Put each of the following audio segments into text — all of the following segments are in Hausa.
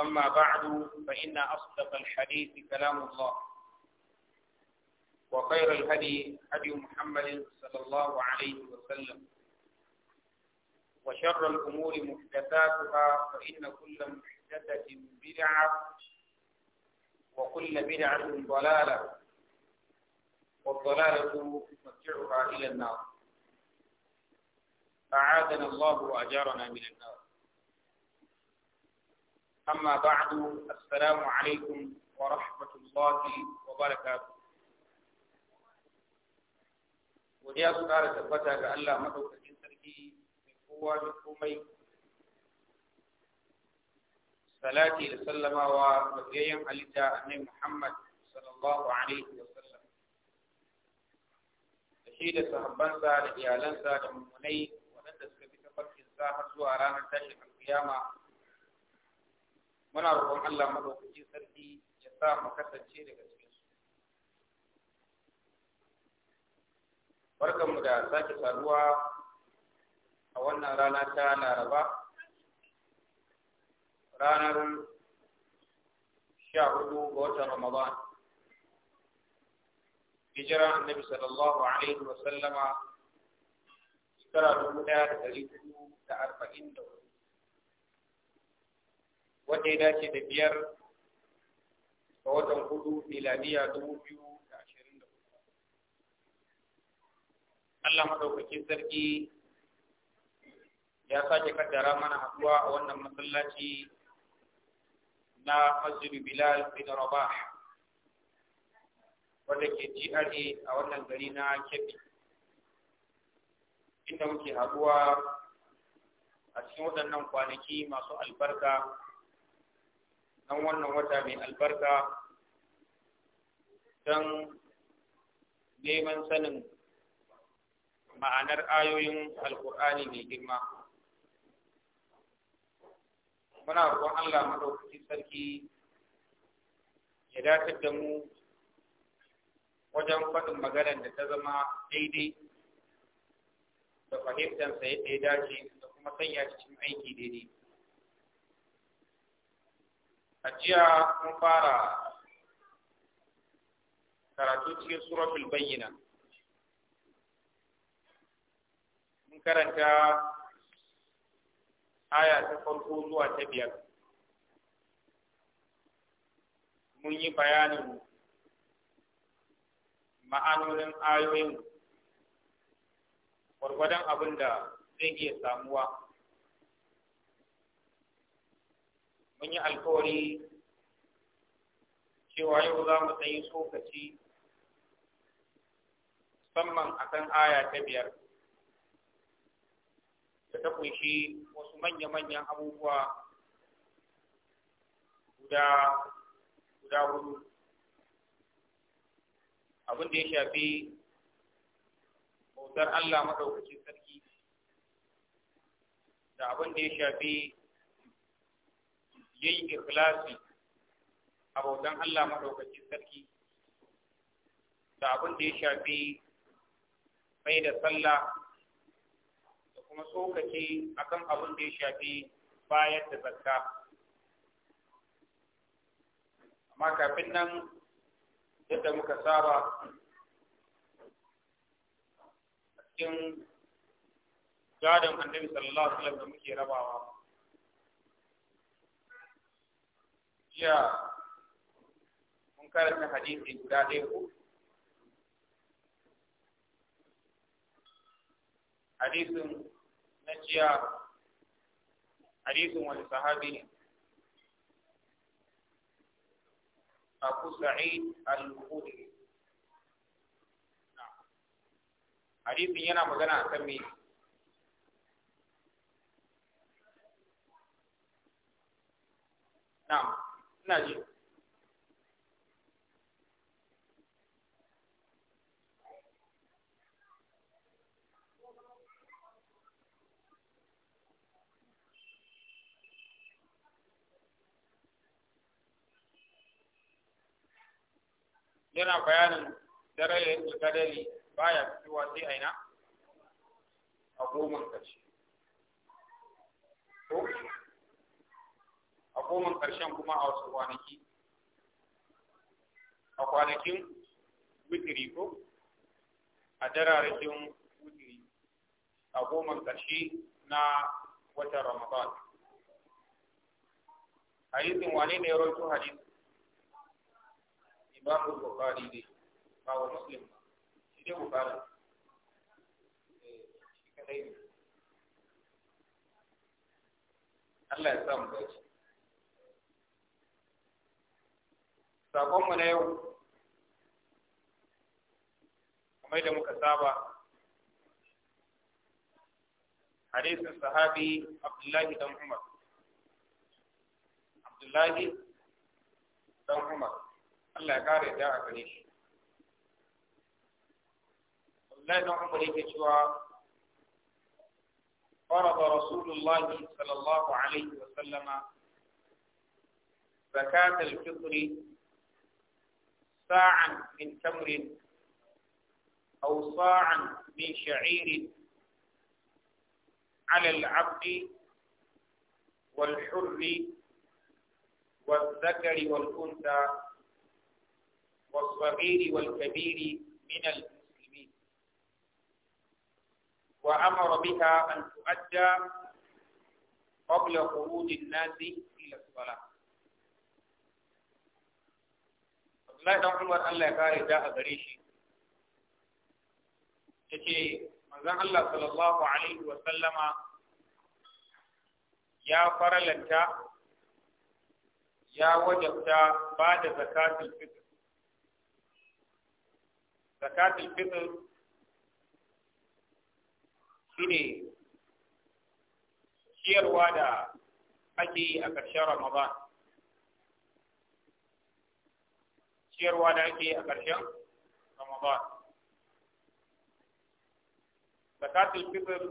أما بعد فإن أصدق الحديث كلام الله وخير الهدي هدي محمد صلى الله عليه وسلم وشر الأمور محدثاتها فإن كل محدثة بدعة وكل بدعة ضلالة والضلالة مرجعها إلى النار أعاذنا الله وأجارنا من النار أما بعد السلام عليكم ورحمة الله وبركاته وهي أسكار تبتا كألا مدو كجين تركي من قوة لكومي صلاة لسلم ومجيم علجاء محمد صلى الله عليه وسلم تشيد سهبان سال إيالان سال ممني ونتسك بتفرق الزاهر سوارانا تشيح القيامة muna roƙon Allah madaukakin sarki ya sa mu kasance daga cikin su barkanmu da sake saduwa a wannan rana ta Laraba ranar sha hudu ga watan Ramadan hijira annabi sallallahu alaihi wa sallama shekara dubu ɗaya da ɗari hudu da arba'in da hudu wanda ya dace da biyar ga watan hudu miladiya dubu biyu da ashirin da hudu Allah maɗaukakin sarki ya sake kaddara mana haɗuwa a wannan masallaci na Masjid bilal bin rabah wanda ke GRA a wannan gari na Kebbi inda muke haɗuwa a cikin waɗannan kwanaki masu albarka an wannan wata mai albarka don neman sanin ma'anar ayoyin alkur'ani mai girma muna roƙon allah maɗaukaki sarki ya datar da mu wajen faɗin maganar da ta zama daidai da fahimtar yadda ya dace da kuma sanya cikin aiki daidai a jiya mun fara karatu cikin suratul bayyina mun karanta aya ta farko zuwa ta biyar mun yi bayanin ma'anonin ayoyin gwargwadon abin da zai iya samuwa mun yi alkawari cewa yau za mu tsayi tsokaci musamman kan aya ta biyar da ta kunshi wasu manya-manyan abubuwa guda guda hudu abin da ya shafi bautar Allah maɗaukacin sarki da abin da ya shafi yayi ikhlasi a bautan Allah madaukakin sarki da abin da ya shafi mai da sallah da kuma tsokaci akan abin da ya shafi bayar da zakka amma kafin nan yadda muka saba cikin gadon annabi sallallahu alaihi wasallam da muke rabawa gaskiya mun karanta hadisi da ɗaya hadisin na jiya hadisin wani sahabi Abu Sa'id Al-Hudri hadisin yana magana a kan Now. ina yana bayanin darajar kadari baya fitowa sai aina a goma ƙarshe. goman ƙarshen kuma a wasu kwanaki a kwanakin witiri ko a dararrakin witiri a goma ƙarshe na watan ramadan hadisin wane ne rawaito hadis imam bukari ne ba wa muslim shi dai bukhari eh, shi kadai ne Allah ya sa mu dace sakonmu na yau kamar da muka saba hadisin sahabi abdullahi dan umar abdullahi dan umar Allah ya kare da a gare shi abdullahi dan umar yake cewa فرض رسول الله صلى الله عليه وسلم زكاة الفطر ساعا من تمر أو صاعا من شعير على العبد والحر والذكر والأنثى والصغير والكبير من المسلمين وأمر بها أن تؤدى قبل خروج الناس إلى الصلاة Allah dan Umar Allah ya kare da a gare shi yace manzon Allah sallallahu alaihi wa sallama ya faralanta ya wajabta ba da zakatul fitr zakatul fitr shine ciyarwa da ake yi a ƙarshen Ramadan ciyarwa da ake a ƙarshen Ramadan. Zakatul fitr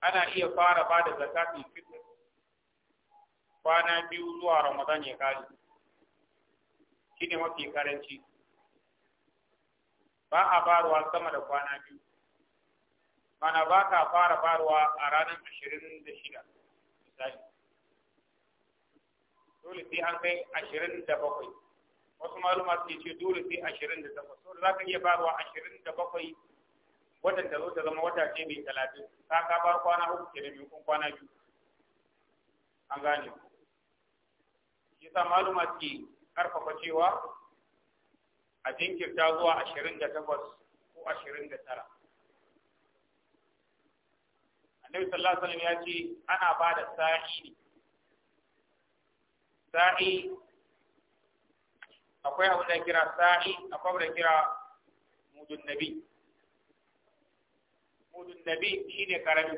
ana iya fara ba da zakatul fitr kwana biyu zuwa Ramadan ya kare. Shi ne mafi karanci. Ba a faruwa sama da kwana biyu. Mana ba ka fara faruwa a ranar ashirin da shida. Misali. Dole sai an kai ashirin da bakwai. wasu maluma ce ce dole sai ashirin da takwas so za ka iya faruwa ashirin da bakwai watan da zo ta zama wata ce mai talatin ta ka bar kwana uku ke da maimakon kwana biyu an gane ku shi sa maluma ke karfafa cewa a jinkirta zuwa ashirin da takwas ko ashirin da tara annabi sallallahu alaihi wasallam ya ce ana ba da sa'i sa'i akwai abin da kira sa'i akwai abu da kira mudun nabi mudun nabi shine karami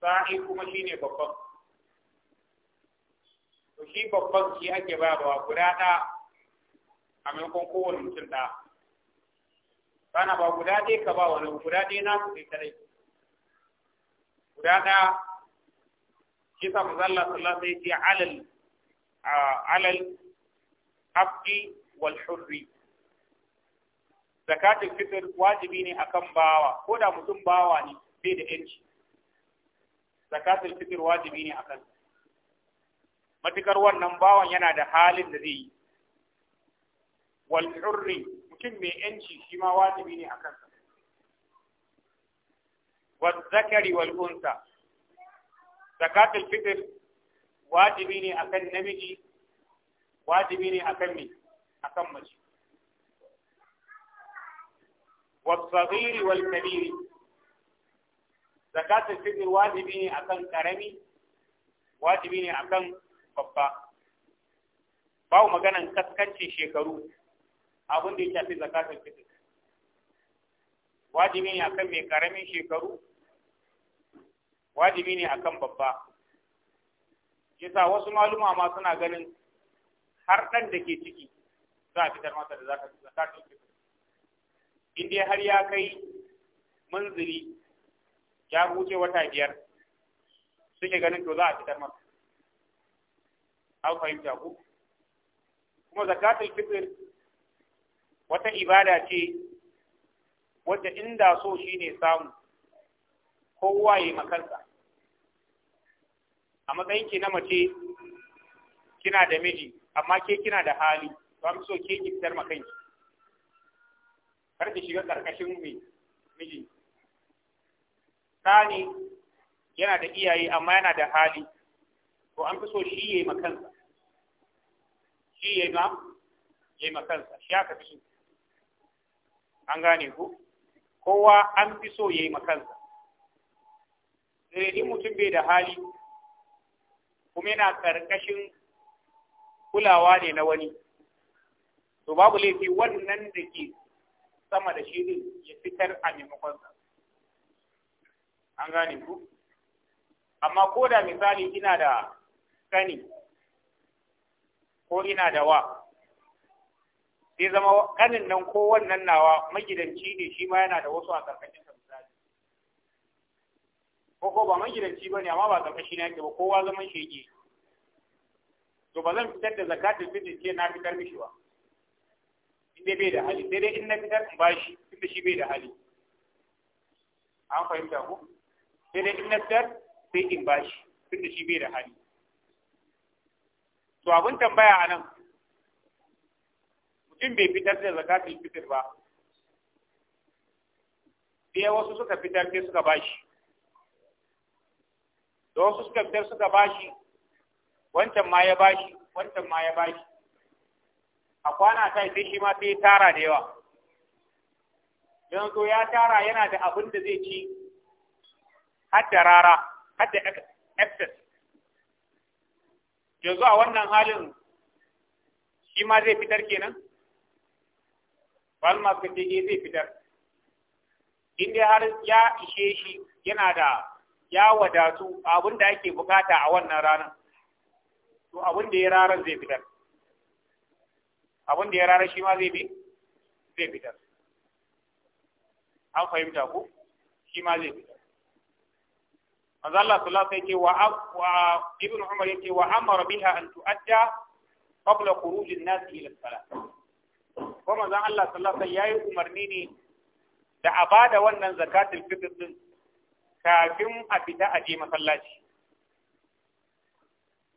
sa'i kuma shine babban to shi babban shi ake bayarwa guda da a maimakon kowane mutum da kana ba guda ɗaya ka ba wani guda ɗaya na su kai kadai guda ɗaya shi sa manzo Allah sallallahu alaihi wasallam alal alal abdi wal hurri zakatul fitr wajibi ne akan bawa ko da mutum bawa ne bai da yanci zakatul fitr wajibi ne akan matukar wannan bawan yana da halin da zai yi wal hurri mutum mai yanci shi ma wajibi ne akan sa wal zakari wal unsa zakatul fitr wajibi ne akan namiji wajibi ne akan kan akan mace wal kabiri, زكاة الفطر wajibi ne akan karami wajibi ne akan babba bawo maganan kaskancin shekaru abin da ya shafi zakatun fitr wajibi ne akan mai karamin shekaru wajibi ne akan babba yasa wasu maluma ma suna ganin har ɗan da ke ciki za a fitar masa da zaka zakatul fitr in dai har ya kai manzuri ya huce wata biyar suke ganin to za a fitar masa an fahimta ku kuma zakatul fitr wata ibada ce wadda inda so shine samu kowa ya makansa a matsayin ki na mace kina da miji amma ke kina da hali to an so ke ki fitar ma kanki kar ki shiga karkashin mu miji tani yana da iyaye amma yana da hali to an fi so shi yayi ma kansa shi yayi ma yayi ma kansa shi aka fi so an gane ku kowa an fi so yayi ma kansa sai mutum bai da hali kuma yana karkashin kulawa ne na wani to babu laifi wannan da ke sama da shi ya fitar a maimakon sa an gane ku amma ko da misali ina da kani ko ina da wa sai zama kanin nan ko wannan nawa magidanci ne shi ma yana da wasu a karkashin sa misali ko ko ba magidanci ba ne amma ba karkashi ne yake ba kowa zaman shege to ba zan fitar da zakatul fitr ce na fitar mishi ba in dai bai da hali sai dai in na fitar in bashi tunda shi bai da hali an fahimta ko sai dai in na fitar sai in bashi tunda shi bai da hali to abin tambaya a nan mutum bai fitar da zakatul fitr ba sai wasu suka fitar sai suka bashi da wasu suka fitar suka bashi wancan ma ya bashi wancan ma ya bashi a kwana ta sai shi ma sai tara da yawa yanzu ya tara yana da abin da zai ci har da rara har da excess yanzu a wannan halin shi ma zai fitar kenan balma ka ce eh, zai fitar inda har ya ishe shi yana da ya wadatu abin da ake bukata a wannan ranar to abin da ya rarar zai fitar abin da ya rarar shi ma zai bi zai fitar an fahimta ku shi ma zai fitar manzo Allah sallallahu alaihi wa ibn Umar yake wa amara biha an tu'adda qabla khuruj an-nas ila as-salat ko manzo Allah sallallahu alaihi yayi umarni ne da a bada wannan zakatul fitr din kafin a fita a je masallaci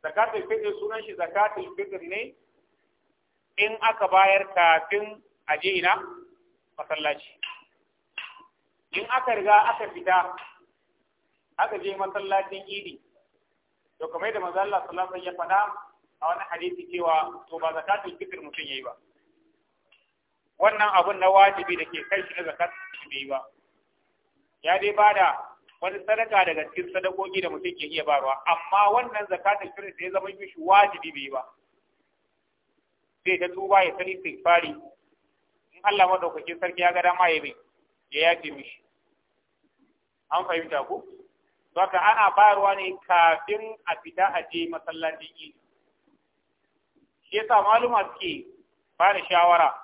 zakatul fitr sunan shi zakatul fitr ne in aka bayar kafin aje ina masallaci in aka riga aka fita aka je masallacin idi to kamar da manzo Allah sallallahu alaihi wasallam ya faɗa a wani hadisi cewa to ba zakatul fitr mutum yayi ba wannan abun na wajibi da ke kai shi na zakat bai ba ya dai bada wani sadaka daga cikin sadakoki da mutum ke iya barwa amma wannan zakatul firis da ya zama mishi wajibi bai ba sai ta tuba ya san istighfari in Allah madaukakin sarki ya ga dama ya bai ya yafe mishi an fahimta ku Baka ana bayarwa ne kafin a fita a je masallacin Idi. Shi yasa maluma suke fara shawara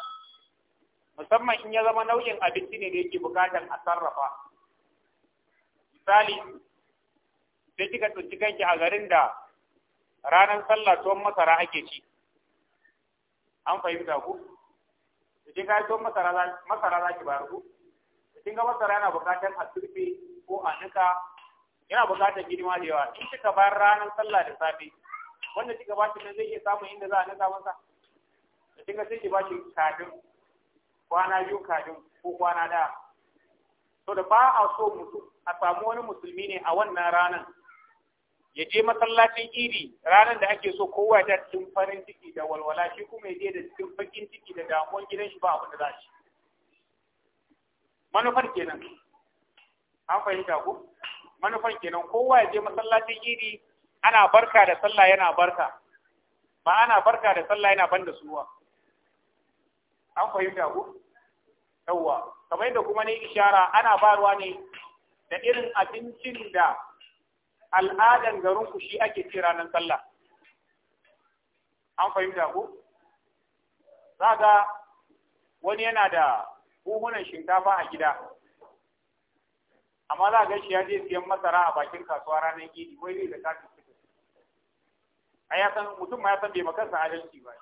musamman in ya zama nau'in abinci ne da yake bukatar a sarrafa misali sai kika tsinci kanki a garin da ranar sallah tuwon masara ake ci an fahimta ku da kin ga tuwon masara masara za ki bayar ku da kin ga masara yana bukatar a turfe ko a nika yana bukatar girma da yawa in kika bayar ranar sallah da safe wanda kika ba shi zai iya samun inda za a nika masa da sai ki ba shi kafin kwana biyu kafin ko kwana da to da ba a so mutum a samu wani musulmi ne a wannan ranar ya je masallacin idi ranar da ake so kowa ta cikin farin ciki da walwala shi kuma ya je da cikin bakin ciki da damuwan gidan shi ba abu da za shi manufar kenan an fahimta ku manufar kenan kowa ya je masallacin idi ana barka da sallah yana barka ba ana barka da sallah yana ban da suwa an fahimta ku yawwa kamar yadda kuma ne ishara ana faruwa ne da irin abincin da al'adan garin ku shi ake ci ranar sallah an fahimta ku za ga wani yana da buhunan shinkafa a gida amma za ga shi ya je siyan masara a bakin kasuwa ranar Gidi, wai zai da kafin fito a ya san mutum ma ya san bai makarsa adalci ba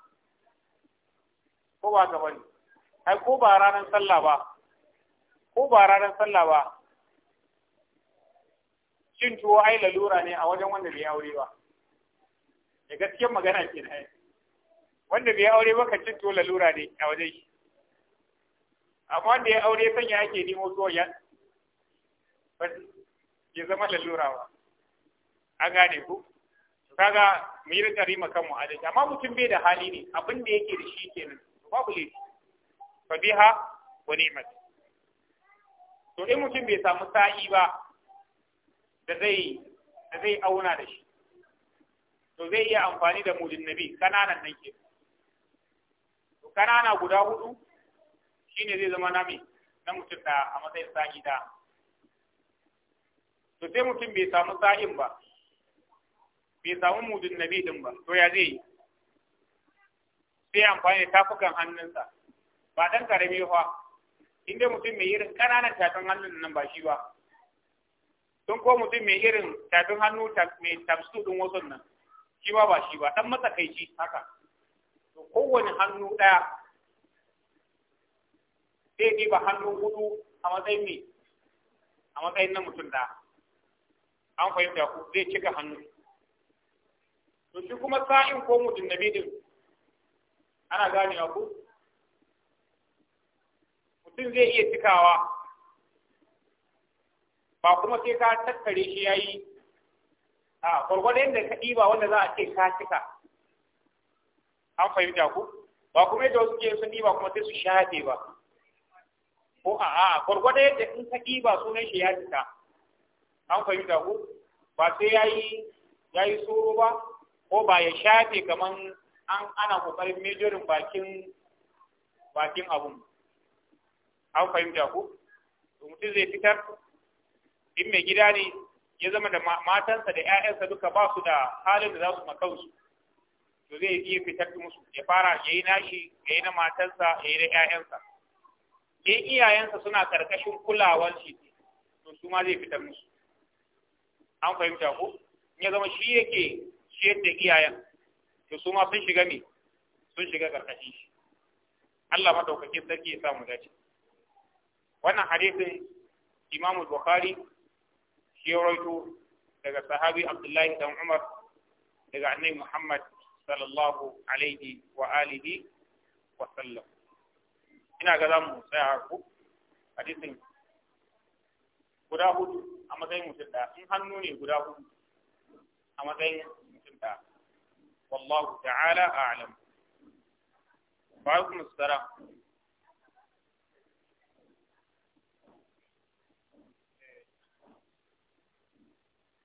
ko ba ka bani? ai ko ba ranar sallah ba ko ba ranar sallah ba cin tuwo ai lalura ne a wajen wanda bai aure ba da gaskiyar magana ke na wanda bai aure ba ka cin tuwo lalura ne a wajen shi amma wanda ya aure sanya ake nemo tuwo ya ya zama lalura ba an gane ku kaga mu yi rikari ma kanmu adalci amma mutum bai da hali ne abin da yake da shi kenan babu laifi fa biha wa ni'mat to in mutum bai samu sa'i ba da zai da zai auna da shi to zai iya amfani da mulin nabi kananan nan ke to kanana guda hudu shine zai zama nami na mutum da a matsayin sa'i da to sai mutum bai samu sa'in ba bai samu mudin nabi din ba to ya zai sai amfani da tafukan hannunsa ba dan karami fa inda mutum mai irin ƙananan tafin hannun nan ba shi ba don ko mutum mai irin tafin hannu mai tafsu ɗin wasu nan shi ba ba shi ba ɗan matsakaici haka to kowane hannu ɗaya zai ɗiba hannu hudu a matsayin mai a matsayin na mutum ɗaya an fahimta ku zai cika hannu to shi kuma sa'in ko mutum na bidin ana ganewa ku mutum zai iya cikawa ba kuma sai ka tattare shi ya yi a gwargwadon yadda ka ɗiba wanda za a ce ka cika an fahimta ku ba kuma yadda wasu ke sun ɗiba kuma sai su shafe ba ko a a gwargwadon yadda in ka ɗiba sunan shi ya cika an fahimta ku ba sai ya yi ya yi tsoro ba ko ba ya shafe kamar an ana kokarin mejorin bakin bakin abun an fahimta ku mutum zai fitar in mai gida ne ya zama da matansa da 'ya'yansa duka ba su da halin da za su makansu to zai iya fitar da musu ya fara ya yi nashi ya yi na matansa ya yi na 'ya'yansa in iyayensa suna karkashin kulawar shi to su ma zai fitar musu an fahimta ko ya zama shi yake shi yadda iyayen to su ma sun shiga ne sun shiga karkashin shi Allah madaukakin sarki ya samu dace wannan hadisin imamu bukhari shi rawaito daga sahabi abdullahi dan umar daga annabi muhammad sallallahu alaihi wa alihi wa sallam ina ga zamu tsaya ku hadisin guda hudu a matsayin mutum da in hannu ne guda hudu a matsayin mutum da wallahu ta'ala a'lam ba ku mustara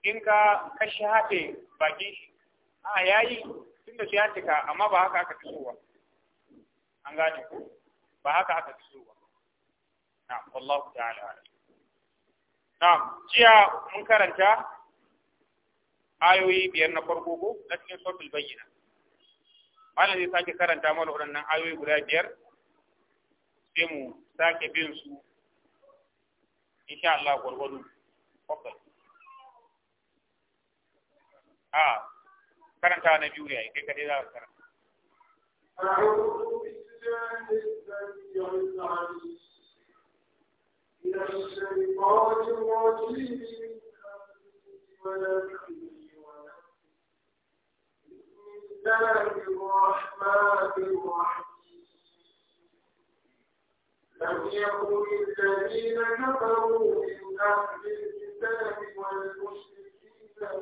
in ka kashi haɗe bakin shi a yayi tun da shi ya cika amma ba haka aka fi an gane ku ba haka aka fi ba na wallahu ta'ala na jiya mun karanta ayoyi biyar na farko ko na cikin sautul bayyana malam zai sake karanta mana waɗannan ayoyi guda biyar sai mu sake bin su insha Allah gwargwado. Okay. a karanta na biyu yayi kai kadai za ka karanta لم يكن الذين كفروا من أهل الكتاب والمشركين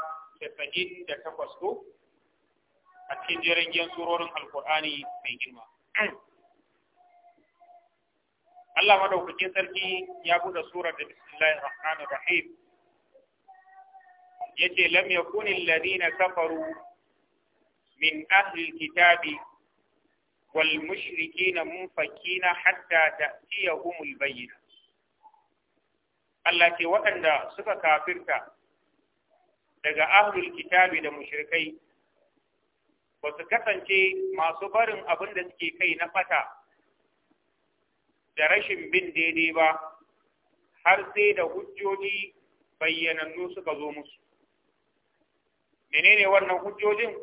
casa'in da takwas ko a cikin jirgin surorin alkur'ani mai girma Allah madaukakin sarki ya buɗe surar da bismillahir rahmanir rahim yace lam yakun Ladina kafaru min ahli kitabi wal mushrikina munfakina hatta ta'tiyahum albayyinah Allah ce waɗanda suka kafirta daga ahlul kitabi da mushrikai ba su kasance masu barin abin da suke kai na fata da rashin bin daidai ba har sai da hujjoji bayyanannu suka zo musu menene wannan hujjojin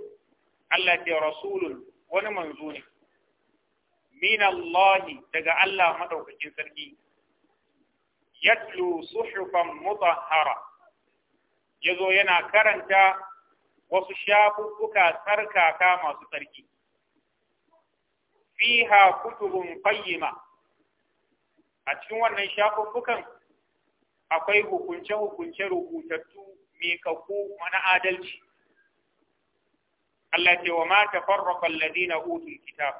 Allah ce rasulun wani manzo ne min Allah daga Allah madaukakin sarki yatlu suhufan mutahhara ya zo yana karanta wasu shafuffuka tsarkaka masu tsarki fiha kutubun ma. a cikin wannan shafuffukan akwai hukunce-hukunce rubutattu miƙaƙƙu mana adalci Allah ce wa ma tafarraqa alladhina hutun kita.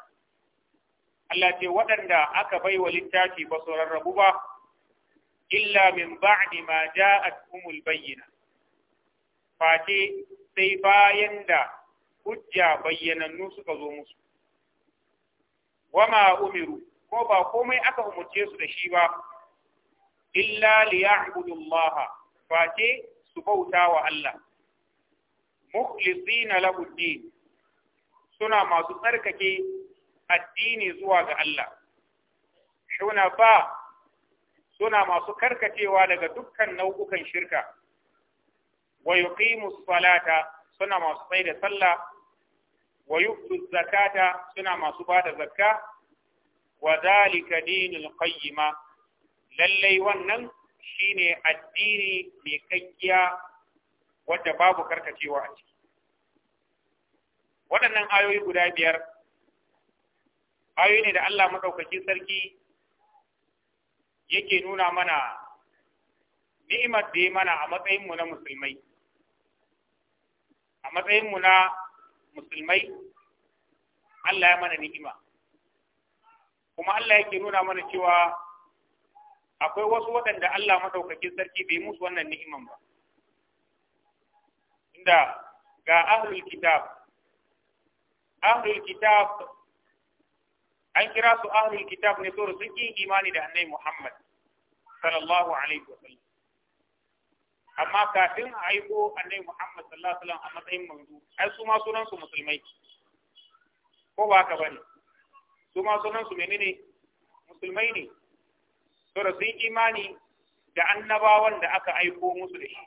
Allah ce waɗanda aka bai wa littafi ba su rarrabu ba illa min ba'di ma ja'at umul bayyana. face sai bayan da hujja bayyanannu suka zo musu wama umiru ko ba komai aka umurce su da shi ba illa liya'budu Allah face su bauta wa Allah mukhlisina lahu suna masu tsarkake addini zuwa ga Allah shuna ba suna masu karkacewa daga dukkan nau'ukan shirka wa yuqimu salata suna masu tsaye da sallah wa zakata suna masu ba da zakka wa zalika dinul qayyima lallai wannan shine addini mai kakkiya wadda babu karkacewa a ciki waɗannan ayoyi guda biyar ayoyi ne da Allah madaukakin sarki yake nuna mana ni'imar da ya mana a matsayinmu na musulmai a matsayinmu na musulmai Allah ya mana ni'ima kuma Allah yake nuna mana cewa akwai wasu waɗanda Allah maɗaukakin sarki bai musu wannan ni'iman ba inda ga ahlul kitab ahlul kitab an kira su ahlul kitab ne saboda sun yi imani da annabi Muhammad sallallahu alaihi wasallam amma kafin a aiko annabi Muhammad sallallahu alaihi wasallam a matsayin manzo ai su ma sunan su musulmai ko ba ka bane su ma sunan su menene musulmai ne to da sun imani da annabawan da aka aiko musu da shi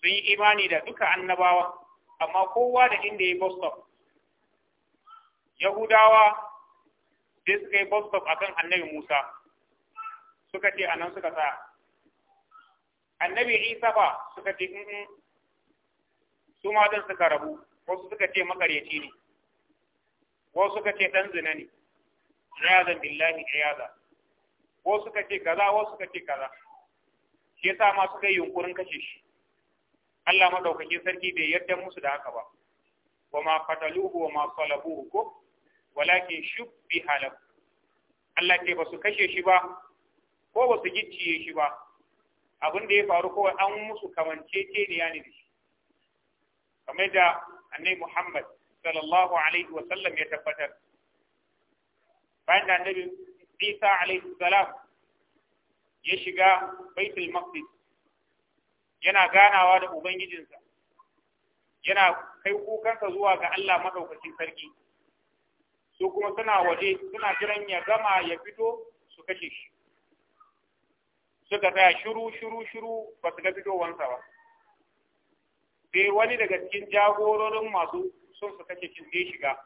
sun yi imani da duka annabawa amma kowa da inda ya bostop yahudawa sai suka yi bostop akan annabi musa suka ce anan suka sa annabi isa ba suka ce su ma dan suka rabu wasu suka ce makaryaci ne wasu suka ce dan zina ne iyazan billahi iyaza wasu suka ce kaza wasu suka ce kaza shi yasa ma suka yi yunkurin kashe shi Allah madaukakin sarki bai yarda musu da haka ba wa ma qataluhu wa ma salabuhu ko walakin shubbiha lahu Allah ce ba su kashe shi ba ko ba su gicciye shi ba abin da ya faru kawai an musu kamancece ne ya ne da shi kamar da annabi Muhammad sallallahu alaihi wa ya tabbatar bayan da annabi Isa alaihi salam ya shiga baitul maqdis yana ganawa da ubangijinsa yana kai kukansa zuwa ga Allah madaukakin sarki su kuma suna waje suna jiran ya gama ya fito su kashe shi suka tsaya shiru shiru shiru ba su ga fitowansa ba sai wani daga cikin jagororin masu sun su kashe cin zai shiga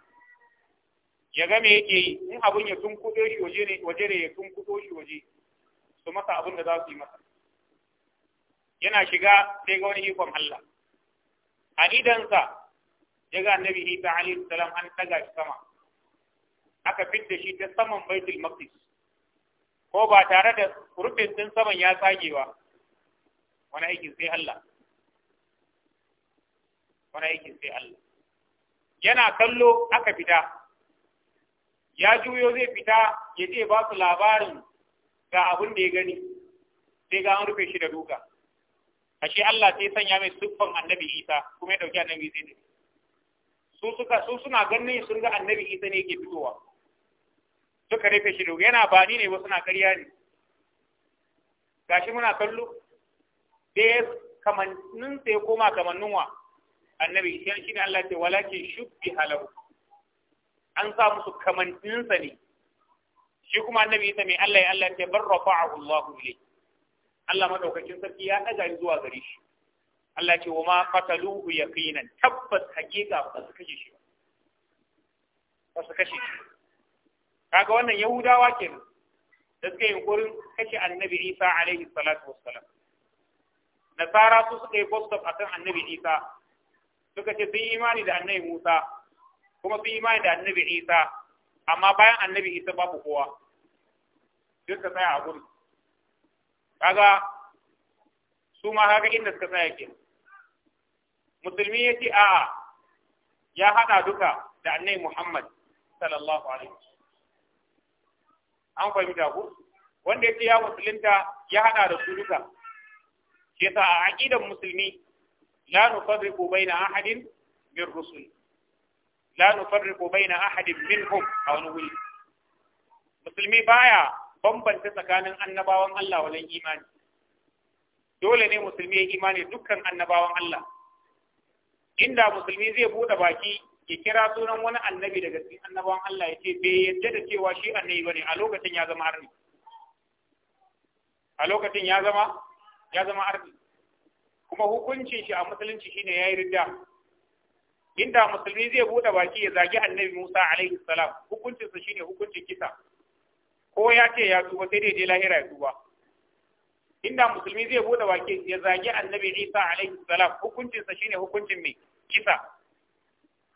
ya ga me yake yi in abin ya sun kudo shi waje ne waje ne ya sun kudo shi waje su masa abin da za su yi masa yana shiga sai ga wani ikon Allah a idansa ya ga annabi Isa alaihi salam an daga shi sama aka fidda shi ta saman baitul maqdis ko ba tare da rufin din saman ya tsage ba wani aikin sai Allah wani aikin sai Allah yana kallo aka fita ya juyo zai fita ya ce ba su labarin ga abin da ya gani sai ga an rufe shi da duka ashe Allah sai sanya mai siffan annabi Isa kuma ya dauki annabi Isa ne su suka su suna ganin sun ga annabi Isa ne yake fitowa suka rufe shi dogo yana bani ne wasu na ƙarya ne shi muna kallo sai kamannin sai koma kamannin wa annabi shi ne Allah ce walakin shubbi halahu an sa musu kamannin sa ne shi kuma annabi ita mai Allah ya Allah ce bar rafa'ahu Allahu ilayhi Allah madaukakin sarki ya daga zuwa gare shi Allah ce wa ma qataluhu yaqinan tabbas hakika ba su kashe shi ba su kashe shi kaga wannan yahudawa kenan da suka yi yunkurin kashe annabi isa alaihi salatu wassalam nasara su suka yi bostop a kan annabi isa suka ce sun yi imani da annabi musa kuma sun yi imani da annabi isa amma bayan annabi isa babu kowa duk ka tsaya a gurin kaga su ma kaga inda suka tsaya ke musulmi ya ce a'a ya hada duka da annabi muhammad sallallahu alaihi wasallam an fahimta ku wanda yake ya musulunta ya hada da su duka ke yasa a aqidan musulmi la nufarriqu baina ahadin min rusul la nufarriqu baina ahadin minhum a wani wuri musulmi baya bambanta tsakanin annabawan Allah walan imani dole ne musulmi ya imani dukkan annabawan Allah inda musulmi zai bude baki Ki kira sunan wani annabi daga cikin annabawan Allah ya ce bai yadda da cewa shi annabi bane a lokacin ya zama arni a lokacin ya zama ya zama arni kuma hukuncin shi a musulunci shine yayi ridda inda musulmi zai bude baki ya zagi annabi Musa alaihi salam hukuncin sa shine hukuncin kisa ko ya ce ya tuba sai dai dai lahira ya tuba inda musulmi zai bude baki ya zagi annabi Isa alaihi salam hukuncin sa shine hukuncin mai kisa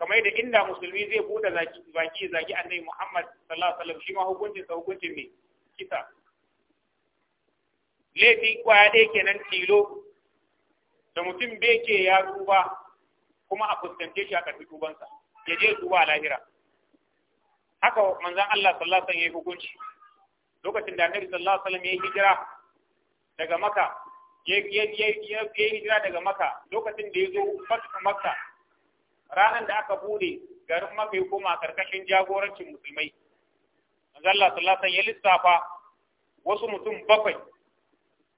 kamar yadda inda musulmi zai buɗe zaki zaki annabi Muhammad sallallahu alaihi wasallam shi ma hukuncin sa hukuncin ne kisa laifi kwaya ɗaya kenan tilo da mutum bai ke ya duba kuma a fuskance shi a karbi dubansa ya je duba a lahira haka manzon Allah sallallahu alaihi wasallam ya hukunci lokacin da annabi sallallahu alaihi wasallam ya hijira daga Makka ya hijira daga Makka lokacin da ya zo Makka ranar da aka bude garin maka ya koma karkashin jagorancin musulmai manzalla sallallahu ya lissafa wasu mutum bakwai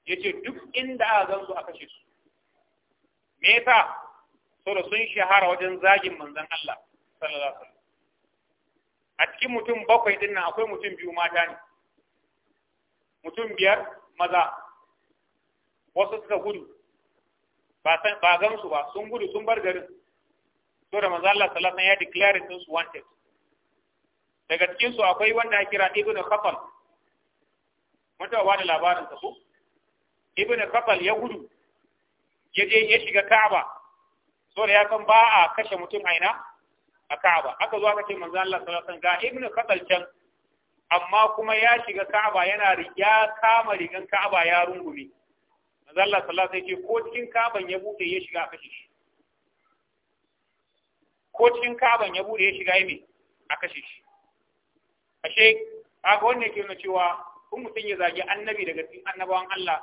yace duk inda aka gansu a kashe su me yasa saboda sun shahara wajen zagin manzon Allah sallallahu alaihi wasallam a cikin mutum bakwai din nan akwai mutum biyu mata ne mutum biyar maza wasu suka gudu ba san ba gansu ba sun gudu sun bar garin to da manzo Allah sallallahu alaihi ya declare din su wanted daga cikin su akwai wanda ya kira ibn khafal mun ta wani labarin sa ko ibn khafal ya gudu ya je ya shiga Ka'aba so da ya san ba a kashe mutum aina a Ka'aba aka zo aka ce manzo Allah sallallahu alaihi ga ibn khafal can amma kuma ya shiga Ka'aba yana ya kama rigan Ka'aba ya rungume manzo Allah sallallahu alaihi ce ko cikin Ka'aban ya bude ya shiga kashe shi ko cikin kaban ya bude ya shiga yi a kashe shi ashe aka wannan ke nuna cewa kun mutum ya zagi annabi daga cikin annabawan Allah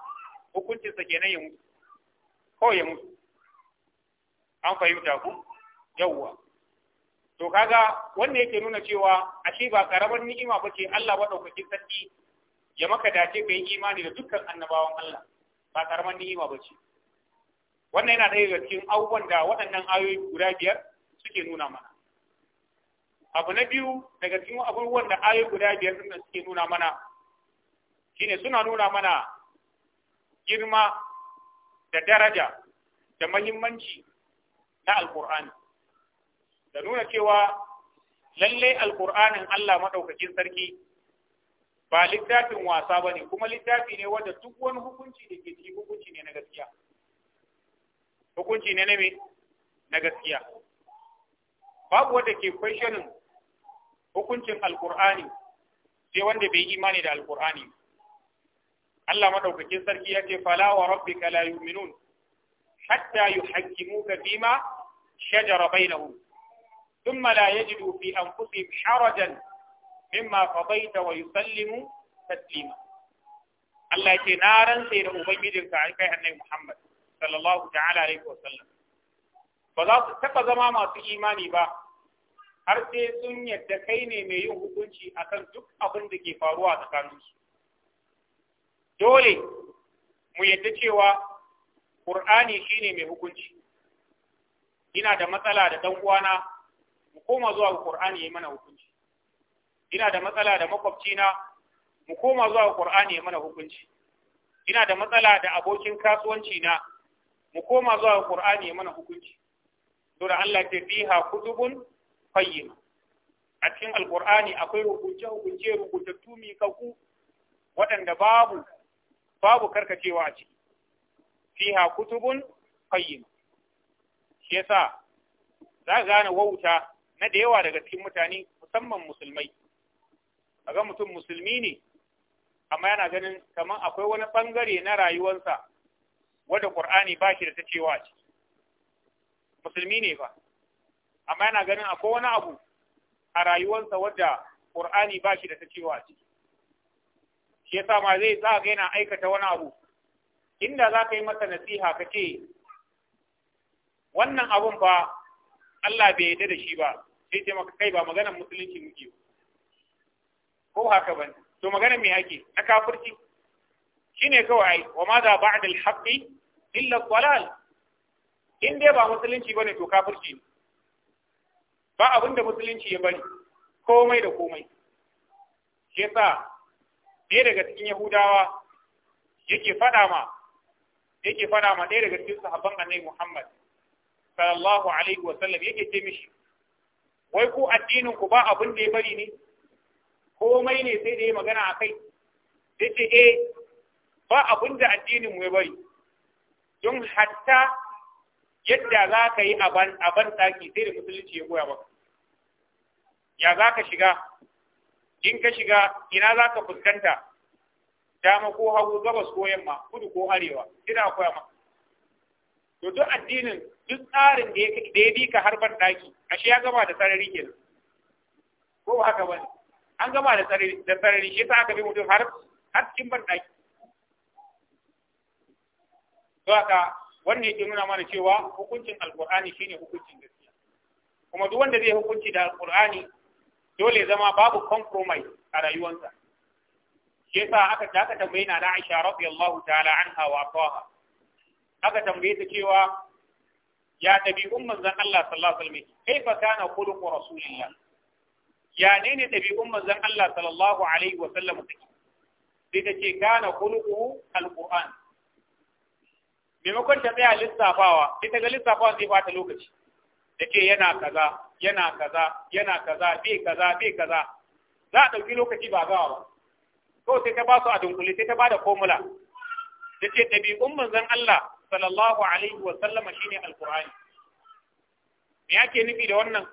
sa kenan ya mutu kawai ya mutu an fahimta ku yawwa to kaga wanda yake nuna cewa ashe ba karamar ni'ima ba ce Allah ba maɗaukakin sarki ya maka dace ka yi imani da dukkan annabawan Allah ba karamar ni'ima ba ce wannan yana ɗaya daga cikin abubuwan da waɗannan ayoyi guda biyar suke nuna mana abu na biyu daga cikin abubuwan da ayoyi guda biyar din suke nuna mana shine suna nuna mana girma da daraja da mahimmanci na alkur'ani da nuna cewa lallai alkur'anin Allah maɗaukakin sarki ba littafin wasa ba ne kuma littafi ne wanda duk wani hukunci da ke ciki hukunci ne na gaskiya hukunci ne na me na gaskiya babu wanda ke questionin hukuncin alkur'ani sai wanda bai imani da alkur'ani Allah madaukakin sarki ya ce fala wa rabbika la yu'minun hatta yuhaqqimuka fima shajara bainahum thumma la yajidu fi anfusihim harajan mimma qadayta wa yusallimu taslima Allah ya ce na rantse da ubangijinka kai annabi Muhammad sallallahu ta'ala alaihi wa sallam ba za su taɓa zama masu imani ba har sai sun yadda kai ne mai yin hukunci akan duk abin da ke faruwa tsakaninsu dole mu yadda cewa ƙur'ani shine mai hukunci ina da matsala da ɗan uwana mu koma zuwa ga ƙur'ani ya mana hukunci ina da matsala da makwabcina mu koma zuwa ga ƙur'ani ya mana hukunci ina da matsala da abokin kasuwanci na mu koma zuwa ga ƙur'ani ya mana hukunci sura Allah ce ha kutubun qayyima a cikin Alƙur'ani akwai hukunce hukunce rubutattu mi kaku waɗanda babu babu karkacewa a ciki ha kutubun qayyima shi yasa za gane wauta na da yawa daga cikin mutane musamman musulmai kaga mutum musulmi ne amma yana ganin kamar akwai wani ɓangare na rayuwarsa wadda ƙur'ani ba shi da ta cewa ce musulmi ne ba amma yana ganin akwai wani abu a rayuwarsa wadda ƙur'ani ba shi da ta cewa a ciki shi yasa ma zai za ga yana aikata wani abu inda za ka yi masa nasiha ka ce wannan abun ba Allah bai yarda da shi ba sai ce maka kai ba maganar musulunci muke ko haka ba to maganar me ake na kafirci shine kawai wa ma za ba'da al-haqqi illa dalal in dai ba musulunci bane to kafirci ne ba abin da musulunci ya bari komai da komai shi yasa ɗaya daga cikin yahudawa yake faɗa ma yake faɗa ma ɗaya daga cikin sahabban annabi Muhammad sallallahu alaihi wa sallam yake ce mishi wai ku addinin ku ba abin da ya bari ne komai ne sai da ya magana a kai yace eh ba abin da addinin mu ya bari don hatta yadda za ka yi a ban ɗaki sai da musulunci ya goya maka ya za ka shiga in ka shiga ina za ka fuskanta dama ko hagu gabas ko yamma kudu ko arewa ina koya maka to duk addinin duk tsarin da ya bi ka har ban daki, ashe ya gama da sarari nan. ko ba haka bane an gama da sarari da sarari shi ta aka bi mutum har har cikin ban daki. to haka wannan yake nuna mana cewa hukuncin alqur'ani shine hukuncin gaskiya kuma duk wanda zai hukunci da alqur'ani dole zama babu compromise a rayuwarsa shi yasa aka da aka tambaye na Aisha radiyallahu ta'ala anha wa taha aka tambaye ta cewa ya dabi'un manzon Allah sallallahu alaihi wasallam kaifa kana khuluqu rasulillah ya ne ne dabi'un manzon Allah sallallahu alaihi wasallam take sai ta ce kana khuluqu alquran maimakon ta tsaya lissafawa ita ga lissafawa zai bata lokaci da ke yana kaza yana kaza yana kaza bai kaza bai kaza za a ɗauki lokaci ba gawa ba ko sai ta ba su a dunkule sai ta ba da formula ta ce ɗabi'un manzon Allah sallallahu alaihi wa sallama shine alqur'ani me yake nufi da wannan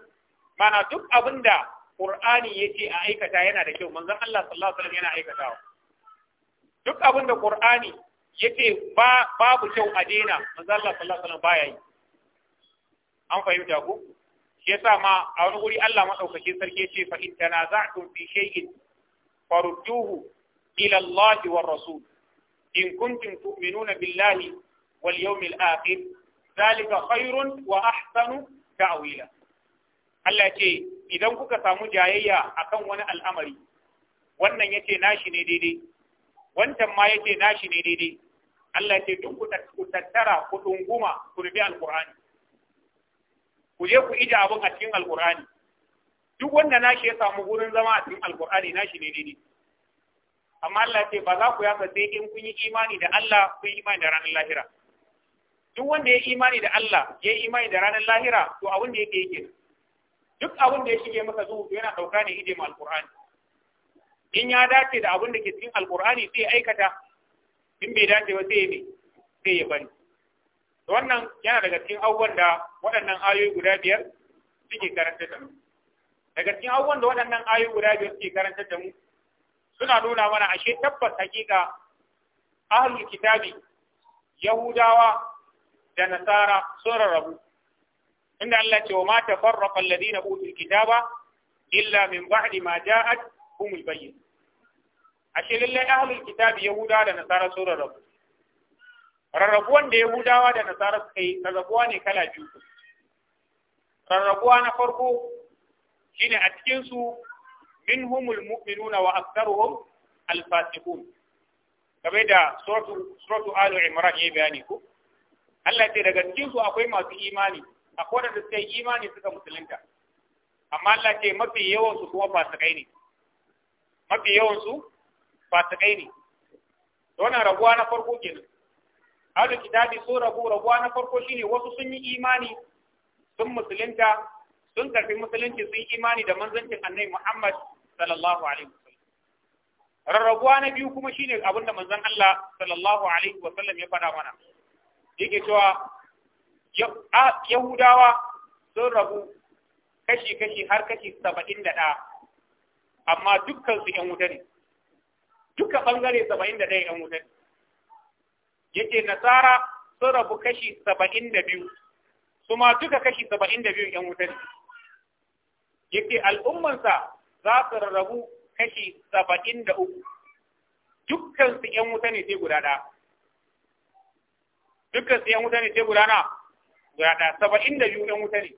mana duk abinda qur'ani yake a aikata yana da kyau manzon Allah sallallahu alaihi wa sallam yana aikatawa duk abinda qur'ani yace ba babu kyau a daina manzo sallallahu alaihi baya yi an fahimta ku shi yasa ma a wani guri Allah madaukakin sarki yace fa in tanaza'tum fi shay'in farudduhu ila Allah wa rasul in kuntum tu'minuna billahi wal yawmil akhir zalika khairun wa ahsanu ta'wila Allah ce idan kuka samu jayayya akan wani al'amari wannan yace nashi ne daidai wancan ma yace nashi ne daidai Allah ce duk ku tattara ku dunguma ku rubi alqur'ani ku je ku ija abun a cikin alqur'ani duk wanda shi ya samu gurin zama a cikin alqur'ani shi ne daidai amma Allah ce ba za ku yafa sai in kun yi imani da Allah kun yi imani da ranar lahira duk wanda ya imani da Allah ya yi imani da ranar lahira to abin da yake yake duk abin da ya shige masa zuwa yana dauka ne ije ma alqur'ani in ya dace da abin da ke cikin alqur'ani sai aikata in bai dace ba sai ne sai ya bari wannan yana daga cikin abubuwan da waɗannan ayoyi guda biyar suke karanta da mu daga cikin abubuwan da waɗannan ayoyi guda biyar suke karanta da mu suna nuna mana ashe tabbas hakika ahlul kitabi yahudawa da nasara sun rarrabu inda Allah ce wa ma tafarraqa alladhina utul kitaba illa min ba'di ma ja'at humul bayyin ashe lalle ahlul kitabi yahuda da nasara rabu-rabu. rarrabuwan da yahudawa da nasara suka yi rarrabuwa ne kala biyu rarrabuwa na farko shine a cikin su minhumul mu'minuna wa aktharuhum al-fasiqun kamar da suratu suratu alu imran yayi bayani ko Allah ce daga cikin su akwai masu imani akwai da suka yi imani suka musulunta amma Allah ce mafi yawan su kuma fasikai ne mafi yawan su fasikai ne wannan rabuwa na farko kenan ahlul kitabi sun rabu rabuwa na farko shine wasu sun yi imani sun musulunta sun karfi musulunci sun yi imani da manzancin annabi Muhammad sallallahu alaihi wasallam rabuwa na biyu kuma shine abinda manzon Allah sallallahu alaihi wasallam ya faɗa mana yake cewa Yahudawa sun rabu kashi-kashi har kashi saba'in amma dukkan su dukkansu ‘yan wuta ne. duka bangare saba'in da ɗaya ‘yan wuta yake nasara sun rabu kashi saba'in da biyu su ma duka kashi saba'in da biyu ‘yan wuta yake al'ummansa za su rabu kashi saba'in da uku dukkan su ‘yan wuta ne sai guda ɗaya dukkan su ‘yan wuta ne sai guda na guda ɗaya saba'in da biyu ‘yan wuta ne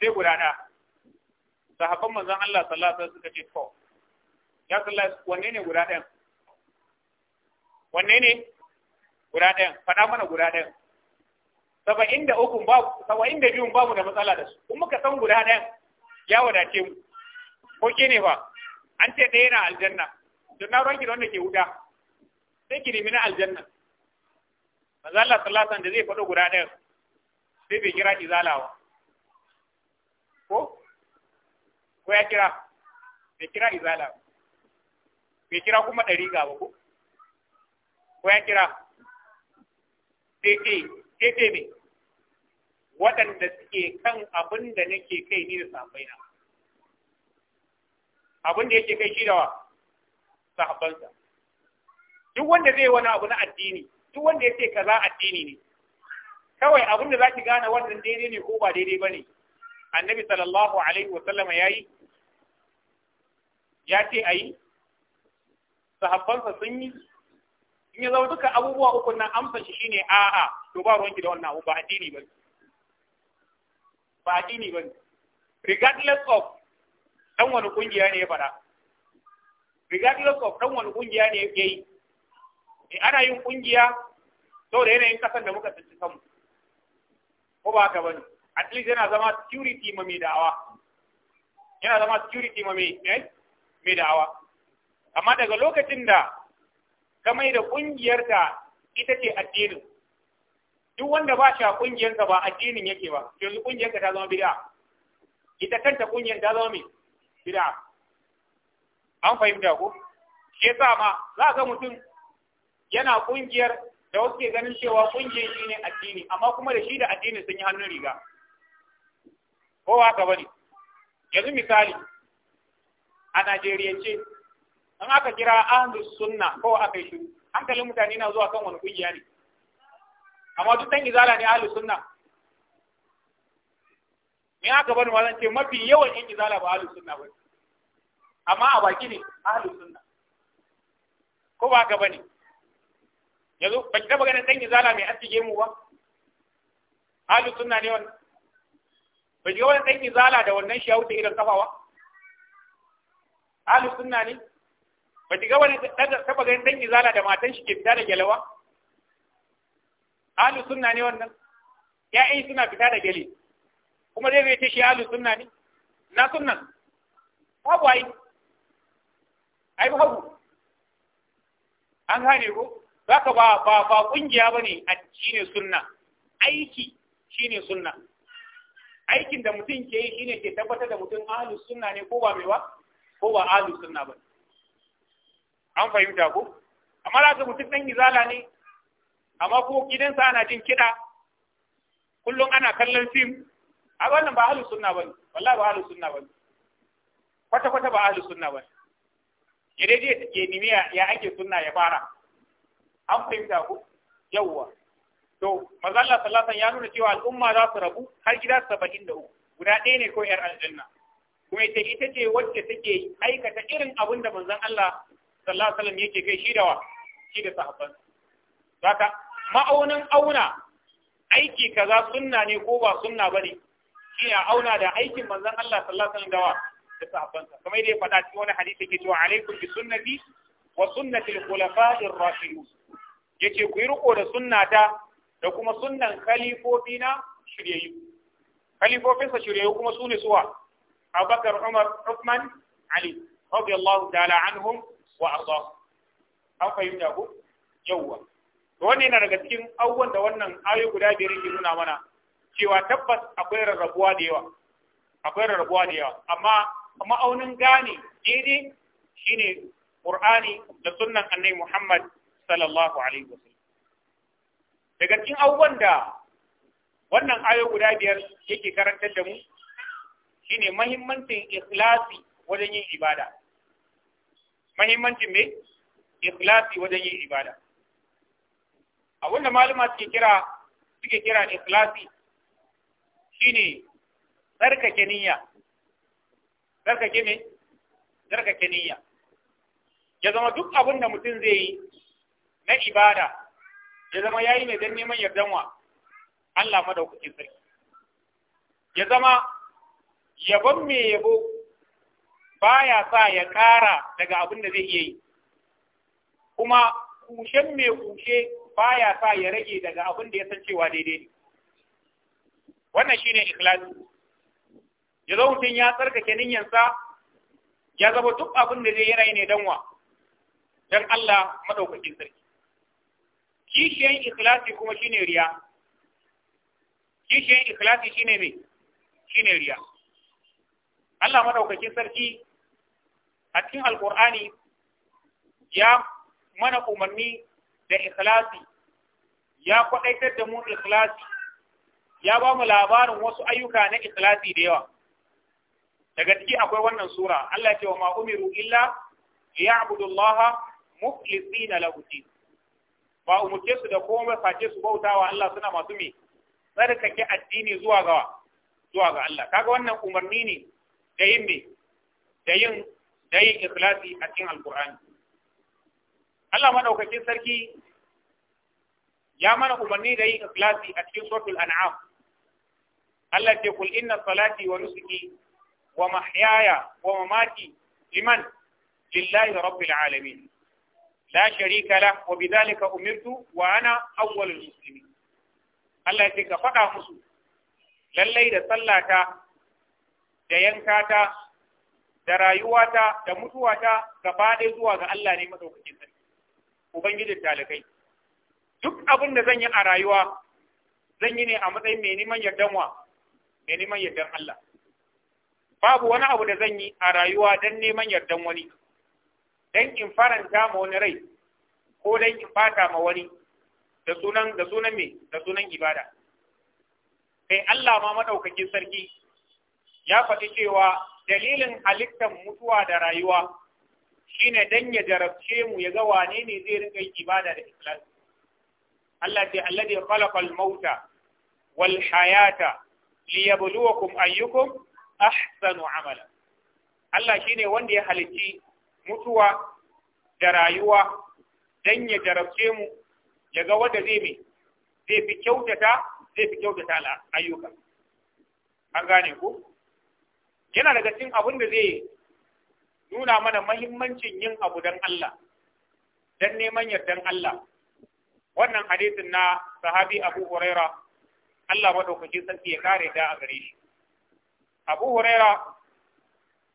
sai guda ɗaya sahabban manzon Allah sallallahu alaihi wasallam suka ce to ya sallah wanne ne guda ɗayan wanne ne guda ɗayan faɗa mana guda ɗayan saba'in da uku ba saba'in da biyun babu da matsala da su kuma muka san guda ɗayan ya wadace mu ko ke ne ba an ce ɗaya na aljanna don na ranki da wanda ke wuta sai ki nemi na aljanna manzo Allah sallallahu alaihi da zai faɗo guda ɗayan sai bai kira izalawa ko ko ya kira bai kira izalawa bai kira kuma ga ba ko ko ya kira tete tete ne waɗanda suke kan abin da nake kai ni da sahabbai na abin da yake kai shi da sahabbansa duk wanda zai wani abu na addini duk wanda ya ce kaza addini ne kawai abin da za ki gane wannan daidai ne ko ba daidai ba ne annabi sallallahu alaihi wa sallama ya yi ya ce a yi sahabbansa sun yi in ya zama duka abubuwa uku nan amsa shi shine a'a to ba ruwanki da wannan abu ba addini ba ba addini ba regardless of dan wani kungiya ne ya fada regardless of dan wani kungiya ne ya yi eh, ana yin kungiya saboda yanayin kasan da muka tsinci kanmu ko ba haka bane at least yana zama security ma mai da'awa yana zama security ma mai eh, da'awa amma daga lokacin da ka mai da ƙungiyarka ita ce addinin duk wanda ba shi a ƙungiyarsa ba addinin yake ba yanzu ƙungiyarka ta zama bid'a ita kanta ƙungiyar ta zama mai bid'a an fahimta ko shi yasa ma za ga mutum yana ƙungiyar da wasu ke ganin cewa ƙungiyar shi ne addini amma kuma da shi da addini sun yi hannun riga kowa ka bane yanzu misali a Najeriya ce an aka kira ahlu sunna ko aka yi shiru hankalin mutane na zuwa kan wani kungiya ne amma duk dan izala ne ahlu sunna in aka bani wannan ce mafi yawan yan izala ba ahlu sunna ba amma a baki ne ahlu sunna ko ba ka bani? yanzu ba ki taba ganin dan izala mai asige mu ba ahlu sunna ne wannan ba ki ga wani dan izala da wannan shi ya wuce irin kafawa ahlus sunna ne ba ki ga wani taba ganin dangi zala da matan shi ke fita da gelewa? ahlu sunna ne wannan ya'yan suna fita da gele. kuma zai zai ce shi ahlu sunna ne na sunnan babu ai ai babu an gane ko zaka ba ba ba kungiya bane a cikin sunna aiki shine sunna aikin da mutum ke yi shine ke tabbatar da mutum ahlus sunna ne ko ba mai ba ko ba ahlus sunna ba an fahimta ko amma za su mutum ɗan izala ne amma ko gidansa ana jin kiɗa kullum ana kallon fim a wannan ba ahlus sunna bane wallahi ba ahlus sunna bane kwata kwata ba ahlus sunna bane ya je ya nemi ya ake sunna ya fara an fahimta ko yawwa to mazalla sallallahu alaihi ya nuna cewa al'umma za su rabu har gida 73 guda ɗaya ne ko yar aljanna kuma ita ita ce wacce take aikata irin abin da manzon Allah sallallahu alaihi wasallam yake kai shi dawa shi da sahabban haka ma'aunin auna aiki kaza sunna ne ko ba sunna bane shi ya auna da aikin manzon Allah sallallahu alaihi wasallam da wa da sahabban kamar yadda ya faɗa cikin wani hadisi yake cewa alaikum bi sunnati wa sunnati al-khulafa'i ar-rashidun yace ku yi riko da sunnata da kuma sunnan khalifofina shiryayyu khalifofinsa shiryayyu kuma sune suwa Abubakar Umar Uthman Ali radiyallahu ta'ala anhum wa Allah an fahimta ko yawwa to wannan yana daga cikin abubuwan da wannan ayoyi guda biyar ke nuna mana cewa tabbas akwai rarrabuwa da yawa akwai rarrabuwa da yawa amma ma'aunin gane daidai shine Qur'ani da sunnan Annabi Muhammad sallallahu alaihi wasallam daga cikin abubuwan da wannan ayo guda biyar yake karantar da mu shine muhimmancin ikhlasi wajen yin ibada mahimmancin me ikhlasi wajen yin ibada wanda maluma suke kira suke kira ikhlasi shine tsarkake niyya tsarkake ne tsarkake niyya ya zama duk abin da mutum zai yi na ibada ya zama ya yi mai don neman yardan wa Allah madaukakin sarki ya zama yabon mai yabo baya sa ya ƙara daga abin da zai iya yi kuma kushen mai kushe baya sa ya rage daga abin da ya san cewa daidai ne wannan shine ikhlasi ya zo mutum ya tsarkake niyyansa ya zama duk abin da zai yana ne danwa. Don dan Allah madaukakin sarki kishiyan ikhlasi kuma shine riya kishiyan ikhlasi shine me shine riya Allah madaukakin sarki a cikin alkur'ani ya mana umarni da ikhlasi ya kwadaitar da mu ikhlasi ya ba mu labarin wasu ayyuka na ikhlasi da yawa daga ciki akwai wannan sura Allah ce wa ma umiru illa liya'budu Allah mukhlisina lahu din ba umurce su da komai face su bautawa Allah suna masu me tsarkake addini zuwa ga zuwa ga Allah kaga wannan umarni ne da yin me da yin da yin ikhlasi a cikin alkur'ani Allah madaukakin sarki ya mana umarni da yin ikhlasi a cikin suratul an'am Allah ce kul inna salati wa nusuki wa mahyaya wa mamati liman lillahi rabbil alamin la sharika la wa bidhalika umirtu wa ana awwalul muslimin Allah ce ka faɗa musu lallai da sallata da yankata da rayuwata da mutuwata gaba ɗaya zuwa ga Allah ne madaukakin sarki ubangijin talakai duk abin da zan yi a rayuwa zan yi ne a matsayin mai neman yardan wa mai neman yardan Allah babu wani abu da zan yi a rayuwa don neman yardan wani don in faranta ma wani rai ko don in bata ma wani da sunan da sunan me da sunan ibada kai Allah ma madaukakin sarki ya faɗi cewa dalilin halittar mutuwa da rayuwa shine don ya jarabce mu ya ga wane ne zai rinka yin ibada da ikhlas Allah ce Allah ce, al-mauta wal hayata liyabluwakum ayyukum ahsanu amala Allah shi ne wanda ya halicci mutuwa da rayuwa don ya jarabce mu ya ga wanda zai zai fi kyautata zai fi ayyuka an gane ku yana daga cikin abin da zai nuna mana mahimmancin yin abu don Allah don neman yardan Allah wannan hadisin na sahabi Abu Huraira Allah madaukakin sarki ya kare da a gare shi Abu Huraira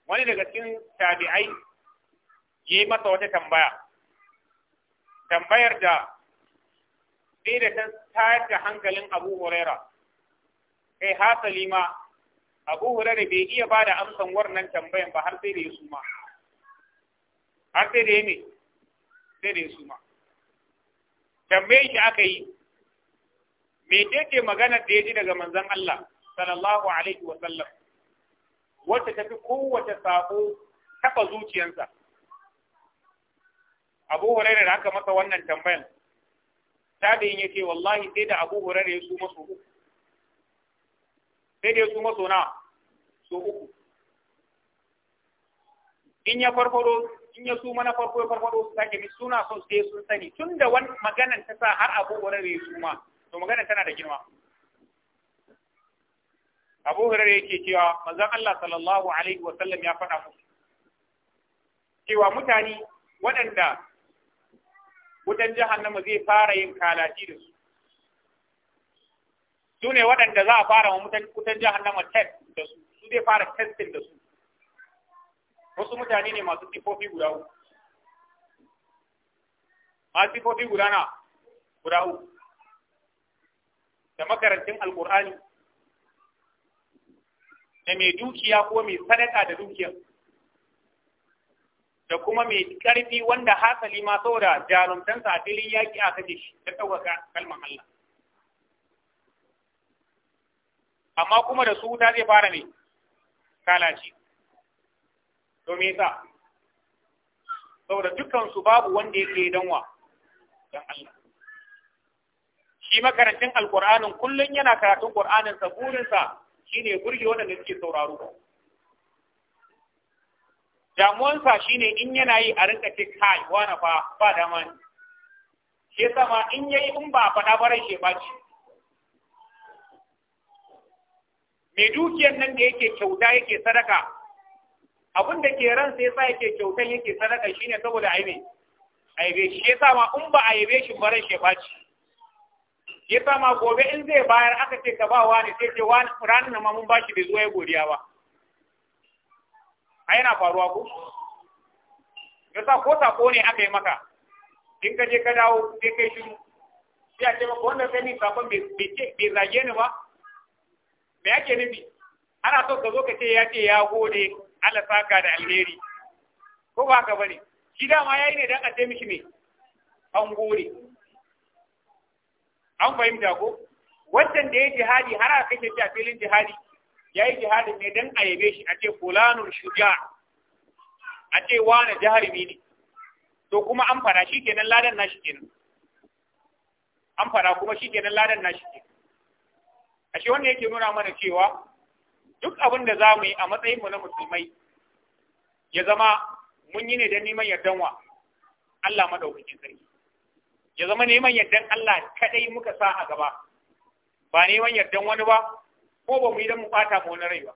wani daga cikin tabi'ai yi masa wata tambaya tambayar da sai da ta tayar da hankalin Abu Huraira kai hasali ma abu hurare bai iya ba da amsan wannan tambayan ba har sai da ya suma har sai da ya ne sai da ya suma tambayin shi aka yi me teke maganar da ya ji daga manzon Allah sallallahu alaihi wa sallam wacce tafi kowace sako taba zuciyarsa Abu Hurairah da aka masa wannan tambayan tabi'in yake wallahi sai da Abu da ya suma uku. sai dai ya maso na so uku in ya farfado in ya suma na farko ya farfado su sake mi suna son sai sun sani tun da wani maganan ta sa har abu hurare ya suma to maganan tana da girma abu hurare yake cewa manzon Allah sallallahu alaihi wa sallam ya faɗa musu cewa mutane waɗanda wutan jahannama zai fara yin kalaci da su su ne waɗanda za a fara wa wutan jahannama test da su su zai fara testing da su wasu mutane ne masu sifofi guda uku masu sifofi guda na guda uku da makarantun alkur'ani da mai dukiya ko mai sadaka da dukiya. da kuma mai ƙarfi wanda hasali ma saboda jarumtansa a filin yaƙi a kashe shi da ɗaukaka kalmar Allah amma kuma da su wuta zai fara mai kalaci to me yasa saboda dukkan su babu wanda yake danwa dan Allah shi makarantin alqur'anin kullun yana karatun qur'anin sa sa shine burge wanda suke sauraro damuwan sa shine in yana yi a rinka ce kai wani fa ba dama shi sama in yayi in ba faɗa barai shi ba ce mai dukiyar nan da yake kyauta yake sadaka abin da ke ran sai sa yake kyautan yake sadaka shine saboda aibe aibe shi ya sa ma in ba aibe shi baran shi baci ya sa ma gobe in zai bayar aka ce ka ba wani sai ce wani ranar nan ma mun bashi bai zo ya godiya ba a yana faruwa ko ya sa ko sako ne aka yi maka in ka je ka dawo sai kai shiru sai a ce maka wannan sai ni sakon bai zage ni ba me yake nufi ana so ka zo ka ce ya ce ya gode Allah saka da alheri ko ba ka bane shi dama yayi ne dan a ce mishi me an gode an fahimta ko wannan da ya jihadi har aka ce ta a filin jihadi yayi jihadi ne dan a yabe shi a ce fulanul shuja a ce wani jahilmi ne to kuma an fara shi kenan ladan nashi kenan an fara kuma shi kenan ladan nashi kenan ashe wannan yake nuna mana cewa duk abin da za mu yi a matsayin mu na musulmai ya zama mun yi ne don neman yardan wa Allah madaukakin sarki ya zama neman yardan Allah kadai muka sa a gaba ba neman yardan wani ba ko ba mu yi don mu ɓata mu wani rai ba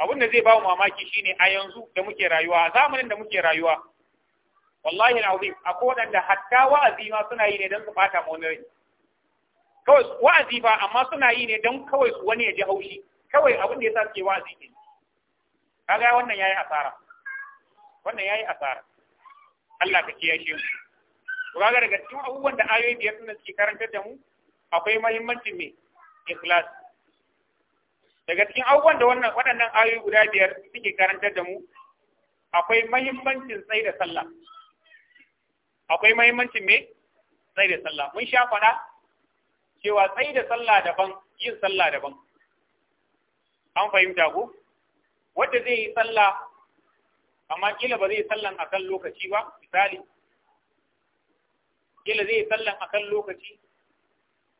abin da zai ba mu mamaki shine a yanzu da muke rayuwa a zamanin da muke rayuwa wallahi alazim akwai waɗanda hatta wa'azi ma suna yi ne don su ɓata mu wani rai kawai wa'azi ba amma suna yi ne don kawai wani ya ji haushi kawai abin da ya suke wa'azi ne kaga wannan yayi asara wannan yayi asara Allah ka kiyaye shi to kaga daga cikin abubuwan da ayoyi biyar sun suke karantar da mu akwai muhimmanci me ikhlas daga cikin abubuwan da wannan waɗannan ayoyi guda biyar suke karantar da mu akwai mahimmancin sai da sallah akwai mahimmancin me sai da sallah mun sha faɗa cewa tsayi da sallah daban yin sallah daban an fahimta ko wanda zai yi sallah amma kila ba zai yi sallan akan lokaci ba misali kila zai yi sallan akan lokaci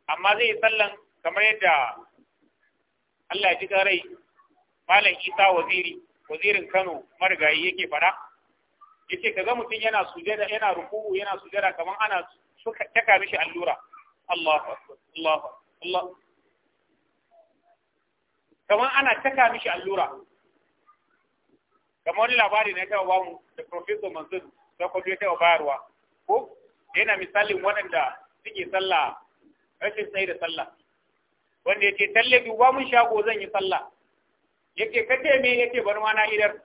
amma zai yi sallan kamar yadda Allah ya ji rai malam Isa waziri wazirin Kano marigayi yake fara yace kaga mutum yana sujada yana ruku'u yana sujada kamar ana suka taka mishi allura Allahu Allah ana taka mishi allura kamar wani labari na taɓa bamu da Professor Mansur da ya taɓa bayarwa ko yana misalin waɗanda suke sallah rashin tsaye da sallah wanda ya ce talle mun shago zan yi sallah yake kace me yake bar ma na idar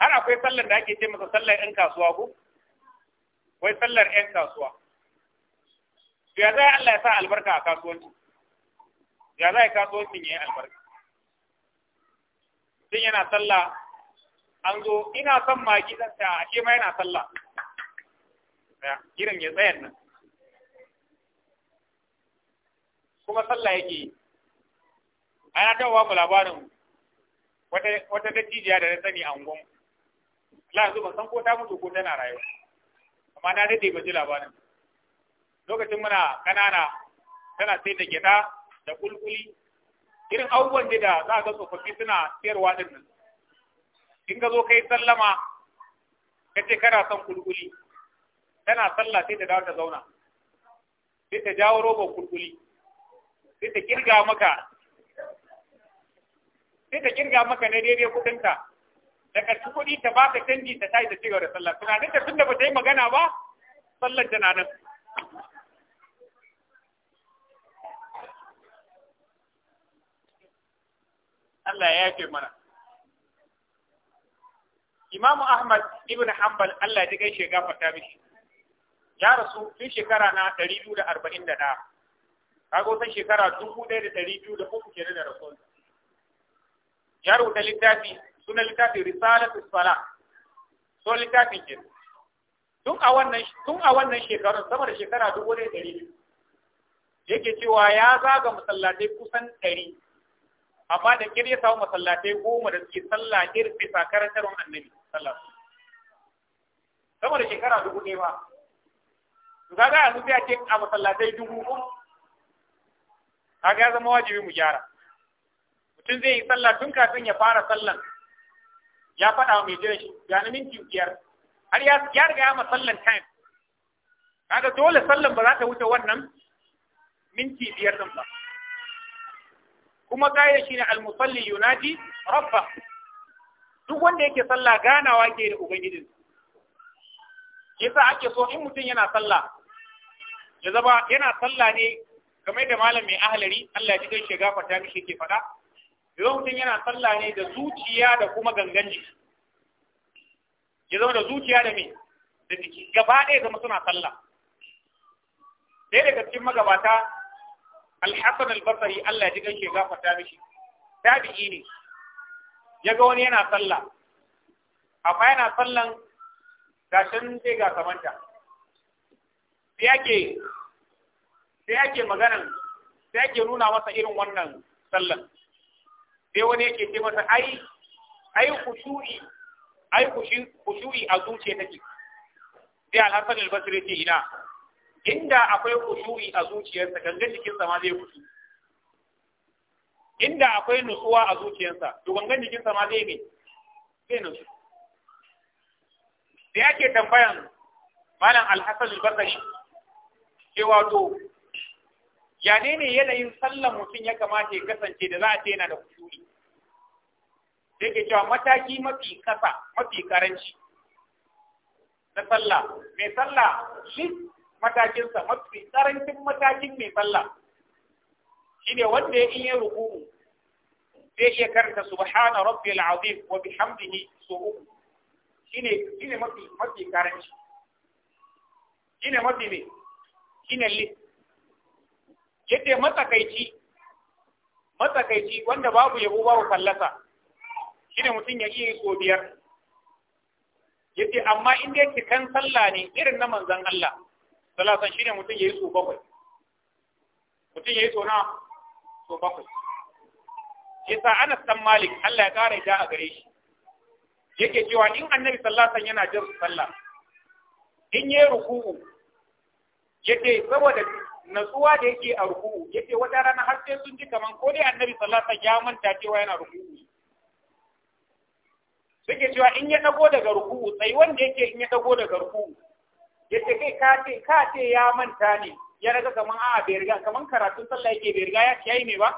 har akwai sallar da ake ce masa sallar 'yan kasuwa ko wai sallar 'yan kasuwa to ya za Allah ya sa albarka a kasuwanci ya za yi kasuwancin ya yi albarka sun yana sallah an zo ina son ma zan ta ke ma yana sallah irin ya tsayan nan kuma sallah yake yi ana tawa mu labarin wata dattijiya da na sani a unguwanmu Allah ban san ko ta mutu ko tana rayuwa amma na dade ba ji labarin lokacin muna kanana tana sai da gyada da kulkuli irin abubuwan da da za ga tsofaffi suna siyarwa din nan in ka zo kai sallama ka ce kana son kulkuli tana sallah sai ta dawo ta zauna sai ta jawo roban kulkuli sai ta kirga maka sai ta kirga maka ne daidai kudinka da karfi kuɗi ta ka canji ta tayi ta cewa da sallah tunanin ta tunda ba ta yi magana ba sallar tana nan Allah ya yafe mana Imam Ahmad ibn Hanbal Allah ya kai shiga fata mishi ya rasu tun shekara na 241 ga wasan shekara 1203 kenan da rasuwa ya rubuta littafi suna littafin risalatu salah so littafin ke tun a wannan tun a wannan shekarun sama da shekara dubu ɗaya ɗari yake cewa ya zaga masallatai kusan ɗari amma da kiri ya samu masallatai goma da suke sallah irin bisa karantarwar annabi sallah sama da shekara dubu ɗaya ba kaga yanzu sai a ce a masallatai dubu kaga ya zama wajibi mu gyara mutum zai yi sallah tun kafin ya fara sallan ya faɗa wa mai jira shi ga na minti biyar har ya riga ya masallan time kaga dole sallan ba za ta wuce wannan minti biyar din ba kuma kai shi ne almusalli yunaji rabba duk wanda yake sallah ganawa ke da ubangijin yasa ake so in mutum yana sallah ya zama yana sallah ne game da malam mai ahalari Allah ya ji kai shiga fata mishi ke faɗa zama mutum yana sallah ne da zuciya da kuma gangan jiki ya zama da zuciya da me da jiki gaba ɗaya zama suna sallah ɗaya daga cikin magabata alhassan albasari Allah ya ji gaishe gafarta mishi tabi'i ne ya ga wani yana sallah amma yana sallan gashin zai ga samanta sai ake sai ake maganan sai ake nuna masa irin wannan sallan sai wani yake ce masa ai ai khushu'i ai khushu'i a zuciya take sai al-Hasan al-Basri yake ina inda akwai khushu'i a zuciyarsa gangan jikinsa ma zai khushu inda akwai nutsuwa a zuciyarsa to gangan sa ma zai ne zai nutsu sai ake tambayan malam al-Hasan al-Basri cewa to ya ne ne yanayin sallan mutum ya kamata ya kasance da za a ce yana da kusuri sai ke cewa mataki mafi kasa mafi karanci na sallah mai sallah shi matakinsa mafi karancin matakin mai sallah ne wanda ya iya ruku'u zai iya karanta subhana rabbil azim wa bihamdihi so uku shine shine mafi mafi karanci shine mafi ne shine list yadda matsakaici matsakaici wanda babu yabo babu fallasa shine mutum ya iya so biyar yadda amma in dai cikan sallah ne irin na manzon Allah Salasan shi ne mutum yi so bakwai mutum yi so na so bakwai sa Anas dan Malik Allah ya kare ja a gare shi yake cewa in Annabi sallallahu alaihi yana jin sallah in yayi ruku'u yake saboda natsuwa da yake a ruku yake wata rana har sai sun ji kaman ko dai annabi sallallahu alaihi wasallam ya manta cewa yana ruku suke cewa in ya dago daga ruku tsayi wanda yake in ya dago daga ruku yace kai ka ce ka ce ya manta ne ya daga kaman a'a bai riga kaman karatun sallah yake bai riga ya yayi ne ba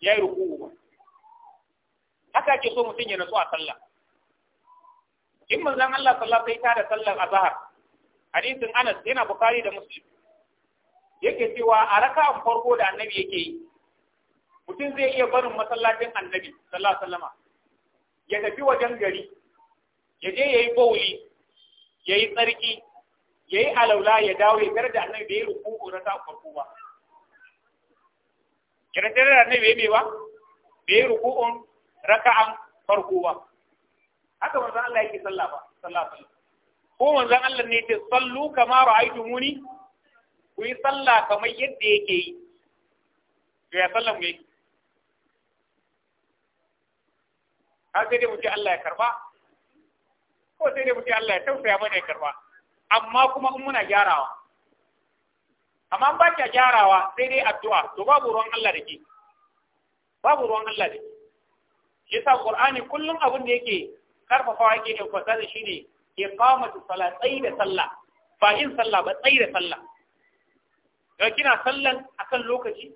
yayi ruku ba haka ke so mutum ya natsu a sallah in manzon Allah sallallahu alaihi wasallam ya tada sallar azhar hadisin Anas yana Bukhari da Muslim yake cewa a raka'an farko da annabi yake yi mutum zai iya barin masallacin annabi sallallahu alaihi ya tafi wajen gari ya je yayi bauli yayi tsarki yayi alaula ya dawo ya tarar da annabi bai ruku'u raka'an farko ba kira tarar da annabi bai ba bai ruku'un raka'an farko ba haka manzon Allah yake sallah ba sallallahu alaihi ko manzon Allah ne ya ce sallu kama ra'aytumuni ku yi sallah kamar yadda yake yi to ya sallah mu yake har sai dai mu Allah ya karba ko sai dai mu Allah ya tausaya mana ya karba amma kuma in muna gyarawa amma ba kya gyarawa sai dai addu'a to babu ruwan Allah da ke babu ruwan Allah da ke sa Qur'ani kullum abin da yake karfafawa yake emphasize shine iqamatu salat tsayi da sallah ba yin sallah ba tsayi da sallah Daga kina sallan akan lokaci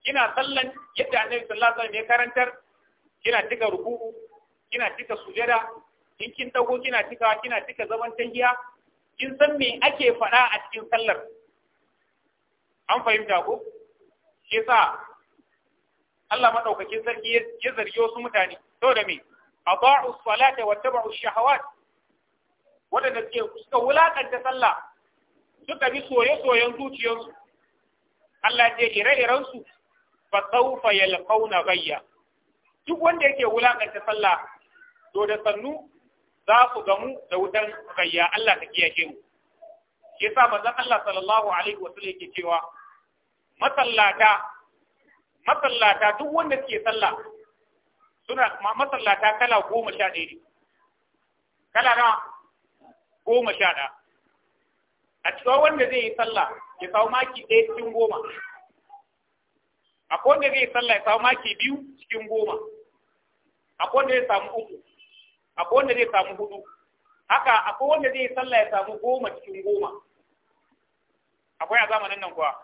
kina sallan yadda annabi sallallahu alaihi wasallam ya karantar kina cika ruku'u kina cika sujada in kin dago kina cika kina cika zaman tahiya kin san me ake faɗa a cikin sallar an fahimta ko shi yasa Allah madaukakin sarki ya zargi wasu mutane saboda me Aba'u salata wa tabu'u shahawat wadanda suke suka wulakanta sallah suka bi soye-soyen zuciyarsu Allah ce ire-irensu ba saufa launa gayya duk wanda yake wulakanta sallah to da sannu za su gamu da wutan gayya Allah ta kiyaye mu ba manzon Allah sallallahu alaihi wasallam yake cewa masallata masallata duk wanda suke sallah suna masallata kala goma sha ɗaya ne kala na goma sha ɗaya a cikin wanda zai yi sallah ya samu maki ɗaya cikin goma akwai wanda zai yi sallah ya samu maki biyu cikin goma akwai wanda zai samu uku akwai wanda zai samu hudu haka akwai wanda zai yi sallah ya samu goma cikin goma akwai a zamanin nan kuwa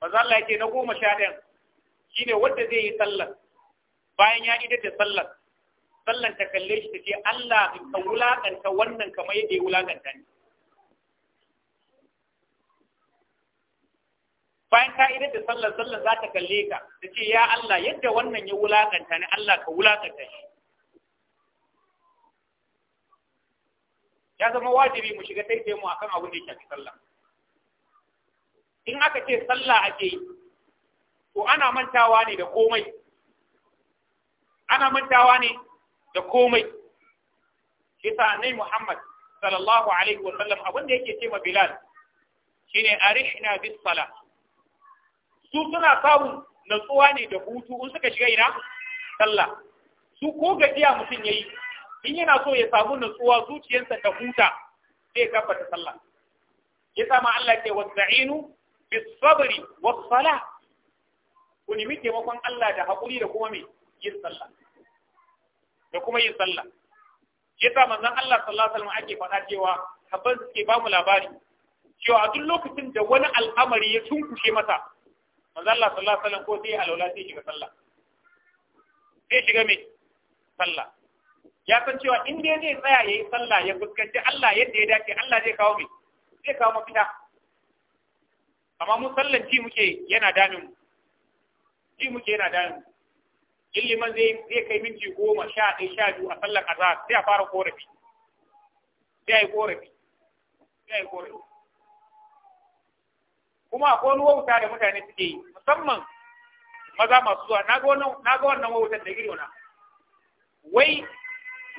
manzo Allah yake na goma sha ɗayan shine wanda zai yi sallah bayan ya idar da sallah sallan ta kalle shi ta ce Allah in ka wulakanta wannan kamar yadda ya wulakanta ni bayan ka idan da sallar sallar za ta kalle ka ta ce ya Allah yadda wannan ya wulakanta ne, Allah ka wulakanta shi ya zama wajibi mu shiga taitaye mu akan abin da ya shafi sallah in aka ce sallah ake yi to ana mantawa ne da komai ana mantawa ne da komai shi sa annabi Muhammad sallallahu alaihi wa sallam abin da yake ce ma Bilal shine arihna bis salah su suna samun natsuwa ne da hutu in suka shiga ina sallah su ko gajiya mutum yayi in yana so ya samu natsuwa zuciyarsa ta huta sai kafa ta sallah ya sama Allah ke wasta'inu bis sabri was salah ku nemi taimakon Allah da hakuri da kuma me yin sallah da kuma yin sallah ya sa manzon Allah sallallahu alaihi wasallam ake faɗa cewa habban suke ba mu labari cewa a duk lokacin da wani al'amari ya tunkushe masa mazalla Allah sallallahu ko sai alwala sai shiga sallah sai shiga me sallah ya san cewa in dai zai tsaya yayi sallah ya fuskanci Allah yadda ya dace Allah zai kawo mai. zai kawo mafita amma mu sallanci muke yana damin mu ji muke yana damin mu illiman zai zai kai minti goma sha ɗaya sha biyu a sallar azhar sai a fara korafi sai a yi korafi sai a yi korafi kuma akwai wani wauta da mutane suke yi musamman maza masu zuwa na ga wannan wautar da iri na wai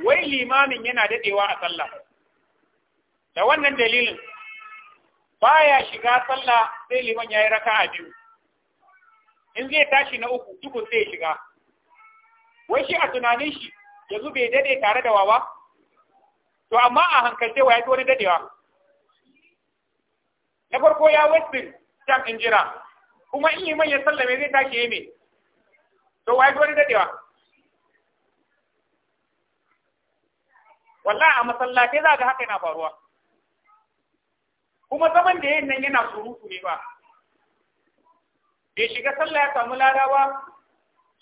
wai limamin yana dadewa a sallah da wannan dalilin baya shiga sallah sai liman yayi raka'a biyu in zai tashi na uku duk sai shiga wai shi a tunanin shi yanzu bai dade tare da wawa to amma a hankalce wa ya wani dadewa na farko ya wasbin jam in jira kuma in liman ya sallame zai tashi yi ne to wai da dadewa wallahi a masallatai za ga haka yana faruwa kuma zaman da yin nan yana surutu ne ba bai shiga sallah ya samu lada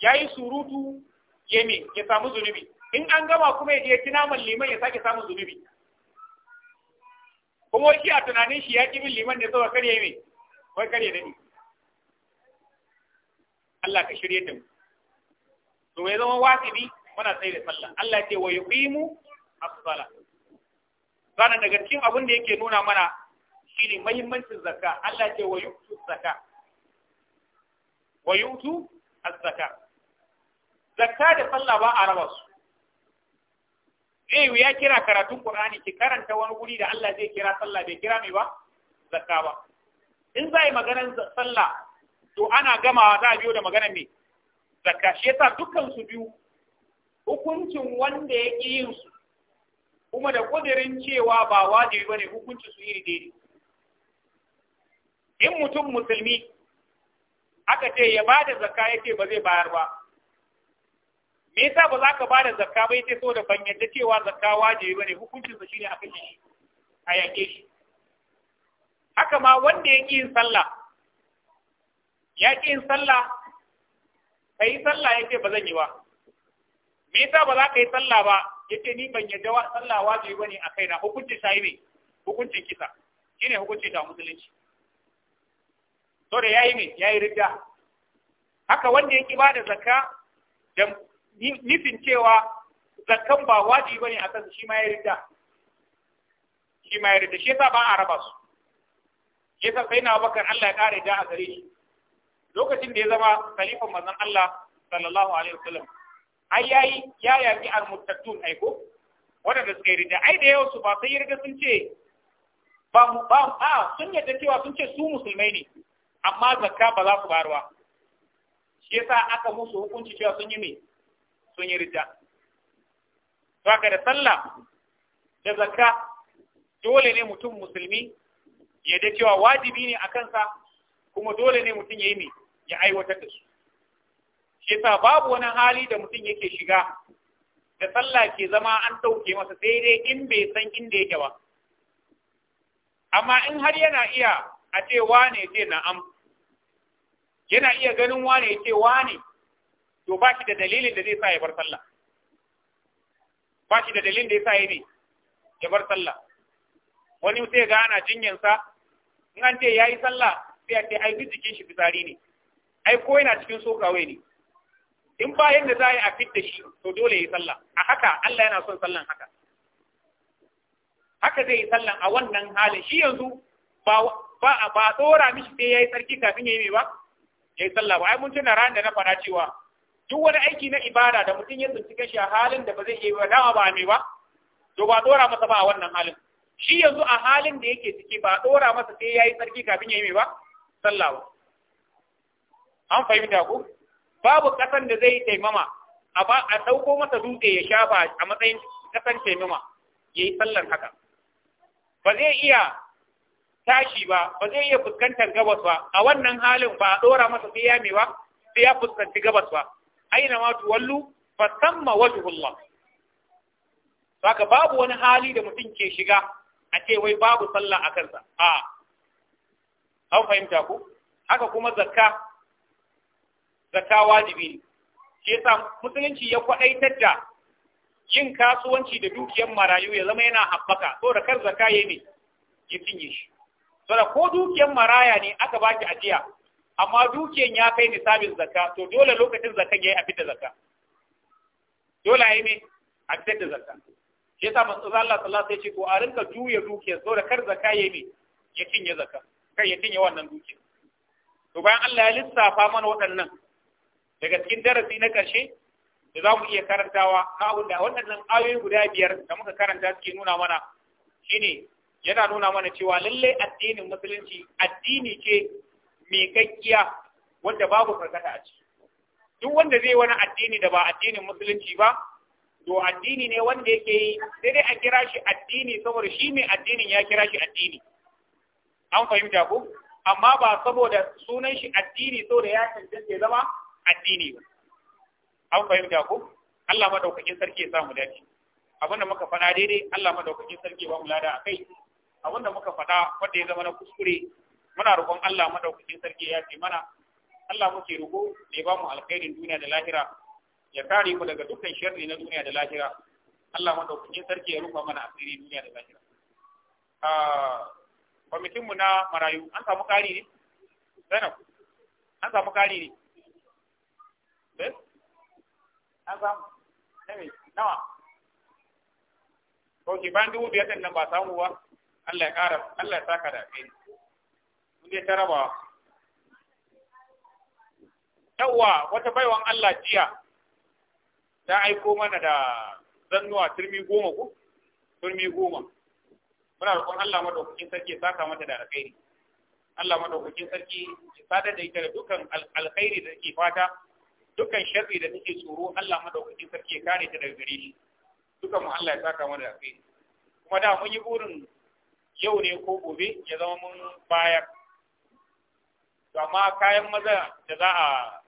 ya yi surutu ya me ya samu zunubi in an gama kuma ya je naman liman ya sake samun zunubi kuma shi a tunanin shi ya ƙi bin liman ne saboda kar ya wai kare da ni Allah ka shirye da mu to ya zama wajibi muna sai da sallah Allah ya ce wa yuqimu as-salah sannan daga cikin abin da yake nuna mana shine muhimmancin zakka Allah ya ce wa yuqtu zakka wa yuqtu az-zakka zakka da sallah ba a raba su eh ya kira karatun Qur'ani ki karanta wani guri da Allah zai kira sallah bai kira mai ba zakka ba in za a yi maganar sallah to ana gamawa za a biyo da maganar ne zakka shi yasa dukkan su biyu hukuncin wanda ya ƙi yin su kuma da ƙudirin cewa ba wajibi bane hukuncin su iri daidai in mutum musulmi aka ce ya ba da zakka ya ce ba zai bayar ba me yasa ba za ka ba da zakka ba ce so da ban yadda cewa zakka wajibi bane hukuncin su shine a kashe shi a yanke shi haka ma wanda ya ƙi yin sallah ya ƙi yin sallah ka yi sallah ya ce ba zan yi ba me yasa ba za ka yi sallah ba ya ce ni ban yadda sallah wajibi ba ne a kaina hukuncin shayi ne hukuncin kisa ne hukuncin ta musulunci to da yi ne yi ridda haka wanda ya ƙi ba da zakka da nufin cewa zakkan ba wajibi ba ne a kansa shi ma ya ridda shi ma ya ridda shi yasa ba a raba su Ya san sai na bakar Allah ya kare da a gare shi lokacin da ya zama khalifan manzon Allah sallallahu alaihi wasallam ai yayi ya yaki almuttattun ai ko wanda suka yi ai da yau su ba sai riga sun ce ba mu ba a sun yadda cewa sun ce su musulmai ne amma zakka ba za su bayarwa shi yasa aka musu hukunci cewa sun yi me sun yi ridda to da sallah da zakka dole ne mutum musulmi ya da cewa wajibi ne a kansa kuma dole ne mutum ya yi ne ya aiwatar da su shi yasa babu wani hali da mutum yake shiga da sallah ke zama an ɗauke masa sai dai in bai san inda yake ba amma in har yana iya a ce wane ce na'am yana iya ganin wane ya ce wane to ba shi da dalilin da zai sa ya bar sallah ba shi da dalilin da ya sa ya ne ya bar sallah wani sai ga ana jinyansa in ya yi sallah sai ake ai bi jikin shi fitsari ne ai ko yana cikin sokawe ne in ba yanda za a yi a fit da shi to dole yi sallah a haka Allah yana son sallan haka haka zai yi sallan a wannan halin shi yanzu ba ba ba tsora mishi sai yayi sarki kafin yayi mai ba yayi sallah ba ai mun tuna ran da na fara cewa duk wani aiki na ibada da mutum ya tsinci kashi a halin da ba zai iya ba dama ba mai ba to ba tsora masa ba a wannan halin shi yanzu a halin da yake ciki ba dora masa sai ya yi tsarki kafin ya yi mai ba sallah an fahimta ku babu ƙasan da zai taimama a ba a dauko masa dutse ya shafa a matsayin ƙasan taimama ya yi sallar haka ba zai iya tashi ba ba zai iya fuskantar gabas ba a wannan halin ba a ɗora masa sai ya mai ba sai ya fuskanci gabas ba aina ma tuwallu fa samma wajhullah saka babu wani hali da mutum ke shiga a ce wai babu sallah a kansa a an fahimta ku haka kuma zakka zakka wajibi ne shi yasa musulunci ya kwadaitar da yin kasuwanci da dukiyar marayu ya zama yana haɓaka so da kar zakka yayi ne ya cinye shi so da ko dukiyar maraya ne aka baki ajiya amma dukiyar ya kai nisabin zakka to dole lokacin zakka yayi a fitar zakka dole yayi ne a fitar da zakka shi yasa manzo Allah sallallahu alaihi ko a rinka juya dukiyar so da kar zaka yayi ya cinye zaka kai ya cinye wannan dukiyar to bayan Allah ya lissafa mana waɗannan daga cikin darasi na karshe da za mu iya karantawa na abin da waɗannan ayoyi guda biyar da muka karanta suke nuna mana shine yana nuna mana cewa lalle addinin musulunci addini ce mai gaggiya wanda babu farkata a ciki duk wanda zai wani addini da ba addinin musulunci ba to addini ne wanda yake yi sai dai a kira shi addini saboda shi mai addinin ya kira shi addini an fahimta ku amma ba saboda sunan shi addini saboda ya cancanta zama addini ba an fahimta ku Allah madaukakin sarki ya samu dace abin da muka faɗa daidai Allah madaukakin sarki ba mu lada akai abin da muka faɗa wanda ya zama na kuskure muna roƙon Allah madaukakin sarki ya ce mana Allah muke roƙo da ya ba mu alkhairin duniya da lahira ya kare ku daga dukkan sharri na duniya da lahira Allah madaukakin sarki ya rufa mana asiri duniya da lahira a ah, kwamitin mu na marayu an samu kari ne Zainab an samu kari ne eh an samu nawa ko ki bandu dubu biyar nan ba samu ba Allah ya kara Allah ya saka da kai mun dai taraba yawwa wata baiwan Allah jiya ta aiko mana da zannuwa turmi goma ko turmi goma muna roƙon Allah madaukakin sarki ya saka mata da alkhairi Allah madaukakin sarki ya sadar da ita da dukkan alkhairi da take fata dukkan sharri da take tsoro Allah madaukakin sarki ya kare ta daga gare shi dukkan mu Allah ya saka mata da alkhairi kuma da mun yi burin yau ne ko gobe ya zama mun bayar amma kayan maza da za a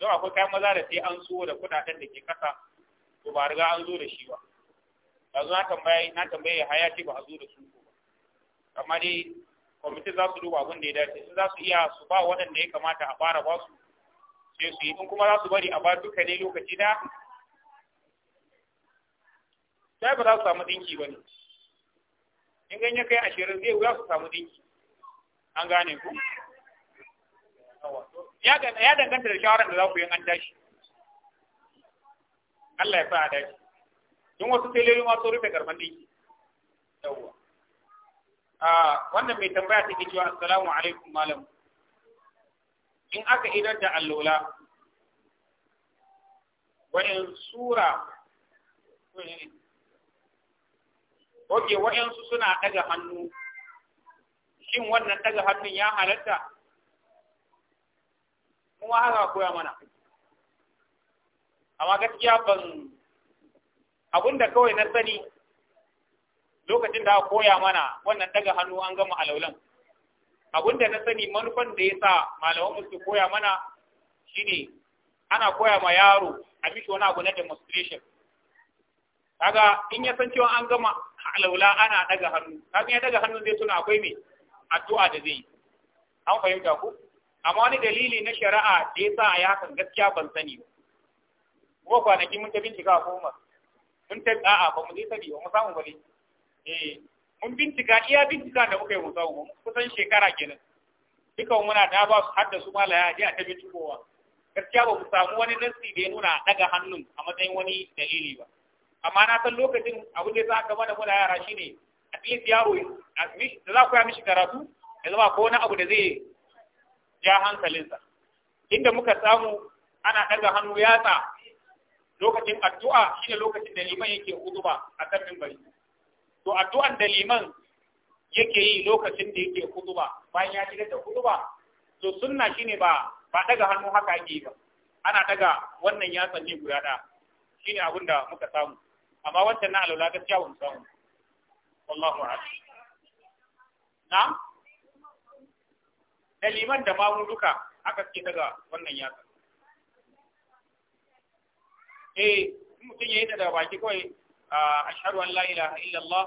don akwai kayan maza da sai an so da kudaden da ke kasa to ba riga an zo da shi ba yanzu na tambaye na tambaye haya ce ba a zo da su ba amma dai kwamitin za su duba abin da ya dace in za su iya su ba waɗanda ya kamata a fara ba su sai su yi in kuma za su bari a ba duka ne lokaci da sai ba za su samu dinki ba ne in ganye kai ashirin zai wuya su samu dinki. an gane ku ya danganta da shawarar da za ku yi an tashi Allah ya sa a dashi don wasu teloli ma sun rufe karban dinki yawwa a wannan mai tambaya take cewa assalamu alaikum malam in aka idar da allola wa'in sura Oke, wa'yansu suna ɗaga hannu, shin wannan ɗaga hannun ya halatta? kuma haka koya mana amma gaskiya ban abinda kawai na sani lokacin da aka koya mana wannan daga hannu an gama alaulan abinda na sani manufan da ya sa malaman su koya mana shine ana koya ma yaro a mishi wani abu na demonstration kaga in ya san cewa an gama alaula ana daga hannu kaga ya daga hannu zai tuna akwai mai addu'a da zai yi an fahimta ku amma wani dalili na shari'a da ya sa a yakan gaskiya ban sani ba kuma kwanaki mun ta bincika a koma mun ta a'a ba mu je sani ba mu samu ba eh mun bincika iya bincika da muka yi mu samu kusan shekara kenan dukan muna da ba su hadda su malaya je a ta bincikowa gaskiya ba mu samu wani nasi da ya nuna ɗaga hannun a matsayin wani dalili ba amma na san lokacin abin da ya sa gaba da muna yara shine at least yaro da za ku ya mishi karatu ya zama ko wani abu da zai ja hankalinsa inda muka samu ana ɗaga hannu yatsa lokacin addu'a shine lokacin da liman yake hutuba a kan bari, to addu'an da liman yake yi lokacin da yake hutuba bayan ya shiga da hutuba to sunna shine ba ba daga hannu haka ake ba ana daga wannan yatsa ne guda ɗaya shine abin da muka samu amma wancan na alwala gaskiya ba samu Allahu na'am da liman da mamu duka haka suke daga wannan yatsa eh mutum ya yi da baki kawai ashhadu an la ilaha illallah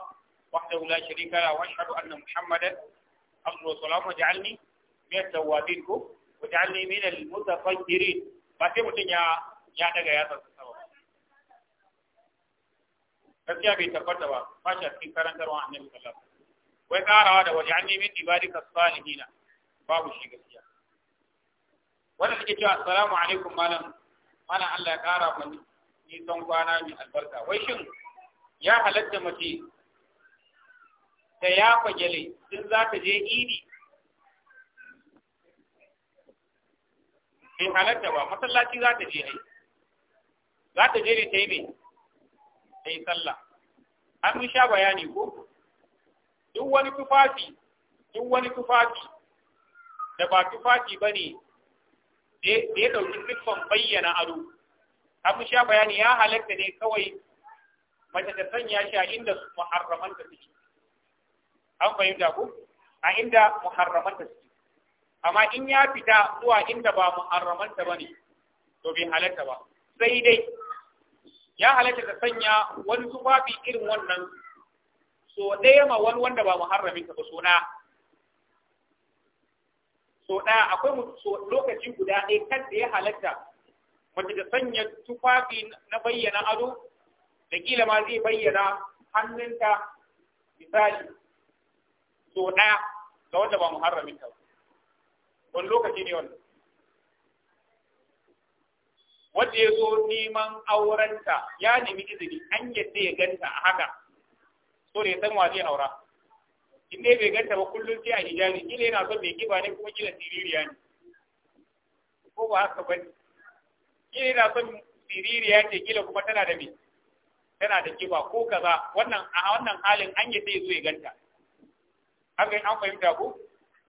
wahdahu la sharika la wa ashhadu anna muhammadan abduhu wa salamu ja'alni min tawabin ku wa ja'alni min al-mutatahhirin ba sai mutum ya ya daga yatsa gaskiya bai tabbata ba ba shi a cikin karantarwa annabi sallallahu alaihi wasallam wai karawa da waj'alni min ibadika salihina babu shi gaskiya wanda suke cewa assalamu alaikum malam mana Allah ya kara ni don kwana mai albarka wai shin ya halatta mace ta ya fagele tun za ta je idi bai halatta ba masallaci za ta je ai za ta je ne ta yi mai ta yi sallah an mun sha bayani ko duk wani tufafi duk wani tufafi da ba tufafi ba ne da ya ɗauki siffan bayyana ado abin sha bayani ya halatta ne kawai mace ta sanya shi a inda su muharramanta suke an fahimta ku a inda muharramanta suke amma in ya fita zuwa inda ba muharraman ba ne to bai halatta ba sai dai ya halatta ta sanya wani tufafi irin wannan so ɗaya ma wani wanda ba muharraminta ba so na so ɗaya akwai lokaci guda ɗaya kan da ya halatta mace da sanya tufafi na bayyana ado da kila ma zai bayyana hannunta misali so ɗaya ga wanda ba muharramin ta wani lokaci ne wanda wanda ya zo neman aurenta ya nemi izini an yadda ya ganta a haka so da ya san wa zai aura in dai bai ganta ba kullum sai a hijabi kila yana son mai kiba ne kuma kila siririya ne ko ba haka ba kila yana son siririya ce kila kuma tana da me tana da kiba ko kaza wannan a wannan halin an yi sai zo ya ganta haka an fahimta ko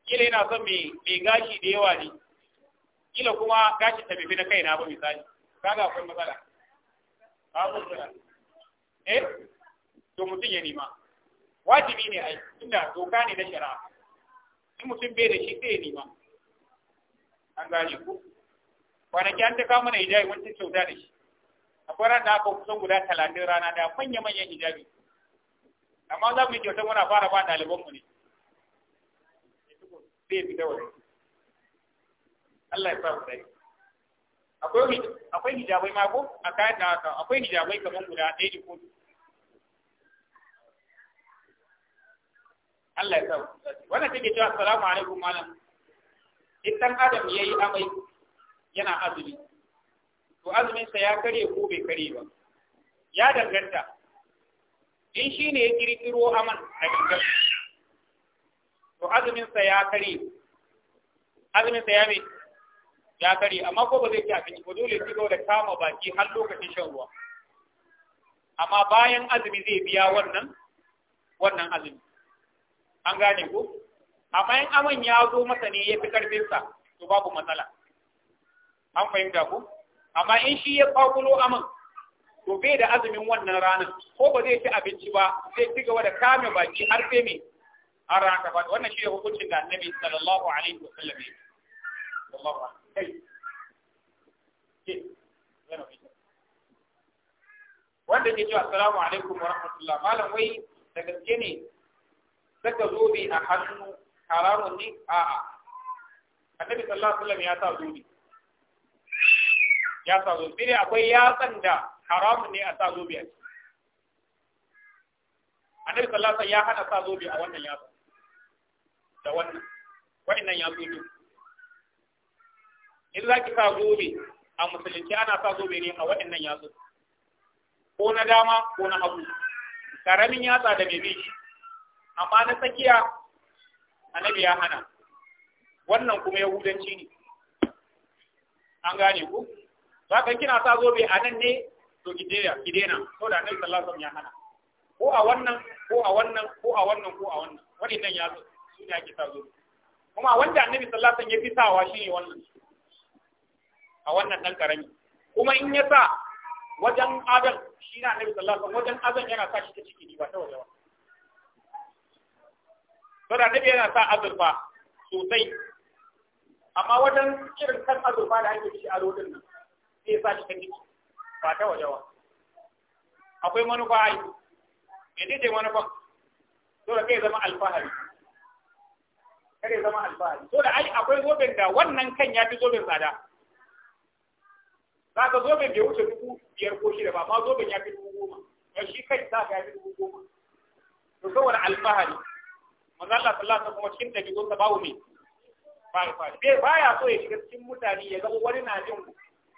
kila yana son mai mai gashi da yawa ne kila kuma gashi ta bibi na kaina ba misali kaga akwai matsala ba tsara eh to mutum ya nima wajibi ne ai inda doka ne na shari'a in mutum bai da shi sai ne nema an gane ku kwanaki an ta kawo mana hijabi wani ta kyauta da shi akwai ran da aka kusan guda talatin rana da manya-manyan hijabi amma za mu yi kyauta muna fara ba dalibanmu ne zai fi dawo Allah ya sa mu akwai akwai hijabai ma ko a kayan da haka akwai hijabai kamar guda ɗaya ko biyu Allah ya sa wanda take cewa assalamu alaikum malam idan adam yayi amai yana azumi to azumin sa ya kare ko bai kare ba ya danganta in shine ya kirkiro aman a gangan to azumin sa ya kare azumin sa ya mai ya kare amma ko ba zai ci abinci ba dole sai da kama baki har lokacin shan ruwa amma bayan azumi zai biya wannan wannan azumi an gane ko amma in aman ya zo masa ne ya fi sa to babu matsala an fahimta ko amma in shi ya kwakulo aman to bai da azumin wannan ranar ko ba zai ci abinci ba zai ci gaba da kame baki har sai me an raka ba wannan shi ne hukuncin da annabi sallallahu alaihi sallam ya wanda ke cewa assalamu alaikum wa rahmatullah malam wai da gaske ne daga zobe a hannu haramun ne a'a annabi sallallahu alaihi ya sa zobe ya sa zobe ne akwai yatsan da haramun ne a sa zobe a annabi sallallahu alaihi ya hana sa zobe a wannan yatsa da wannan wa'annan ya zobe. in za ki sa zobe a musulunci ana sa zobe ne a wa'annan yatsa. ko na dama ko na hagu karamin yatsa da mai shi. amma na tsakiya annabi ya hana wannan kuma yahudanci ne an gane ku za ka kina sa zobe a nan ne to ki daina to da annabi sallallahu alaihi wasallam ya hana ko a wannan ko a wannan ko a wannan ko a wannan wani nan ya zo su ne ake sa zobe kuma wanda annabi sallallahu alaihi wasallam ya fi sawa shine wannan a wannan dan karami kuma in ya sa wajen adam shi na annabi sallallahu alaihi wasallam wajen adam yana sa shi ta ciki ba ta waje ba saboda ne yana sa azurfa sosai amma wajen irin kan azurfa da ake shi a rodin nan sai ya sa shi kan ciki ba ta wajewa akwai manufa ai me ce manufa da kai zama alfahari kare zama alfahari da ai akwai zoben da wannan kan ya fi zoben tsada za ka zoben bai wuce dubu biyar ko shida ba amma zoben ya fi dubu goma ya shi kai za ka ya fi dubu goma to saboda alfahari mazalla Allah sallallahu kuma cikin da sa bawo ne fari Ba bai baya so ya shiga cikin mutane ya ga wani na jin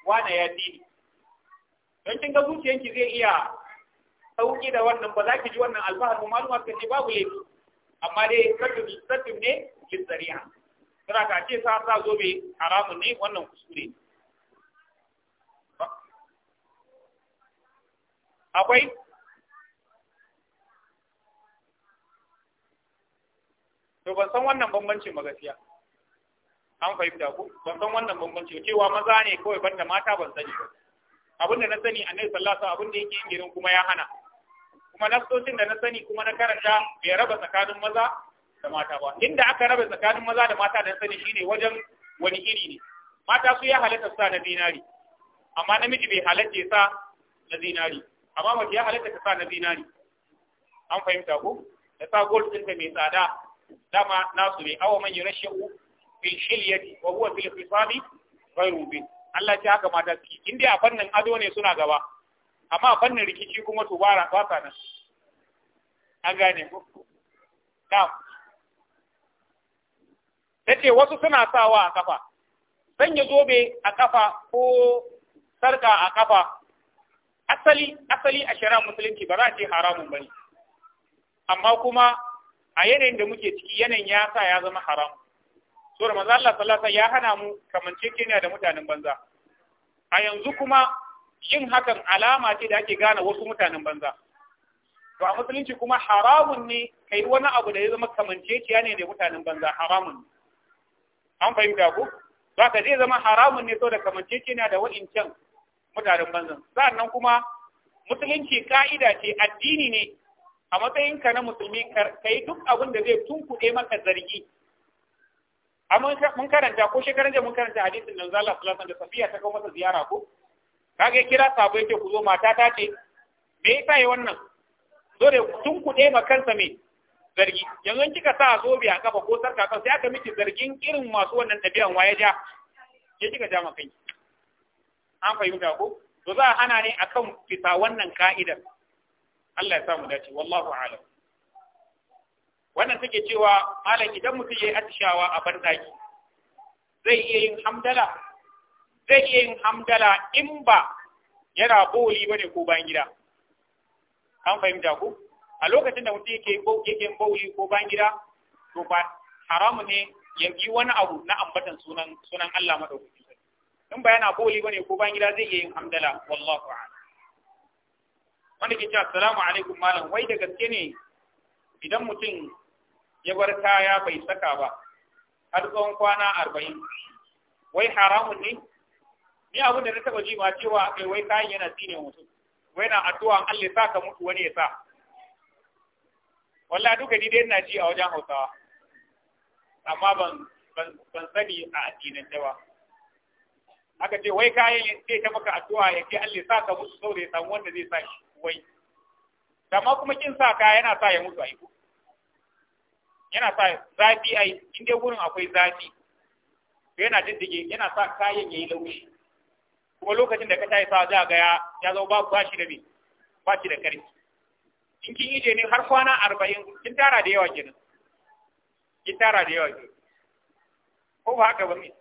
wani ya dini don kin ga zuciyanki zai iya sauki da wannan ba za ki ji wannan alfahar mu maluma kan ce babu laifi amma dai sattum sattum ne litsariya sura ka ce sa sa zo bai haramun ne wannan kuskure akwai to ban san wannan bambanci ba gaskiya an fahimta ku ban san wannan bambanci cewa maza ne kawai banda mata ban sani ba abin da na sani annabi sallallahu alaihi wasallam abin da yake yin girin kuma ya hana kuma nasocin da na sani kuma na karanta bai raba tsakanin maza da mata ba inda aka raba tsakanin maza da mata da na sani shine wajen wani iri ne mata su ya halatta sa na zinari amma namiji bai halatta sa na zinari amma mace ya halatta sa na zinari an fahimta ku da sa gold ɗinta mai tsada dama nasu ne awa manyan yurashu bin hilyati wa huwa fil khisabi ghayru bin Allah ya haka mata suke in dai a fannin ado ne suna gaba amma a fannin rikici kuma to bara ba nan an gane ko na'am ce wasu suna sawa a kafa yi zobe a kafa ko sarka a kafa asali asali a shari'a musulunci ba za a ce haramun bane amma kuma a yanayin da muke ciki yanayin ya sa ya zama haram so da manzo Allah sallallahu alaihi ya hana mu kamanceceniya da mutanen banza a yanzu kuma yin hakan alama ce da ake gane wasu mutanen banza to a musulunci kuma haramun ne kai wani abu da ya zama kamanceciya ne da mutanen banza haramun ne an fahimta ku za ka zai zama haramun ne saboda kamanceceniya da wa'incan mutanen banza. sa'annan kuma musulunci ka'ida ce addini ne a matsayinka na musulmi ka yi duk abin da zai tunkuɗe maka zargi A mun karanta ko shekaran jiya mun karanta hadisin da su sallallahu da Safiya ta kawo masa ziyara ko kage kira sabo yake ku zo mata ta ce me yasa yi wannan zo da tunkuɗe ma kansa me zargi yanzu kika sa zobe a kafa ko sarka kan sai aka miki zargin irin masu wannan ɗabi'an ya ja ke kika ja ma kai an fahimta ko to za a hana ne akan fita wannan ka'idar Allah ya samu dace wallahu a'lam wannan take cewa malam idan mutum yayi atishawa a bandaki zai iya yin hamdala zai iya yin hamdala in ba yana boli bane ko bayan gida an fahimta ku a lokacin da mutum yake yake boli ko bayan gida to ba haramu ne ya yi wani abu na ambatan sunan sunan Allah madaukaki in ba yana boli bane ko bayan gida zai iya yin hamdala wallahu a'lam wanda ke ce assalamu alaikum malam wai da gaske ne idan mutum ya bar kaya bai saka ba har tsawon kwana arba'in wai haramun ne ni abin da na taba ji ma cewa kai wai kayan yana tsine mutum wai na addu'a Allah ya saka mutu wani ya sa wallahi duka ni dai ina ji a wajen Hausawa amma ban ban sani a addinin ba aka ce wai kayan sai ta maka addu'a ya ce Allah ya saka mutu saboda ya samu wanda zai sa shi wai amma kuma kin sa kaya yana sa ya mutu ai yana sa zafi ai in dai gurin akwai zafi to yana diddige yana sa kayan yayi laushi kuma lokacin da ka tayi sa za ga ya ya zo ba ba shi da me ba shi da karfi in kin ije ne har kwana 40 kin tara da yawa kenan kin tara da yawa kenan ko ba haka ba ne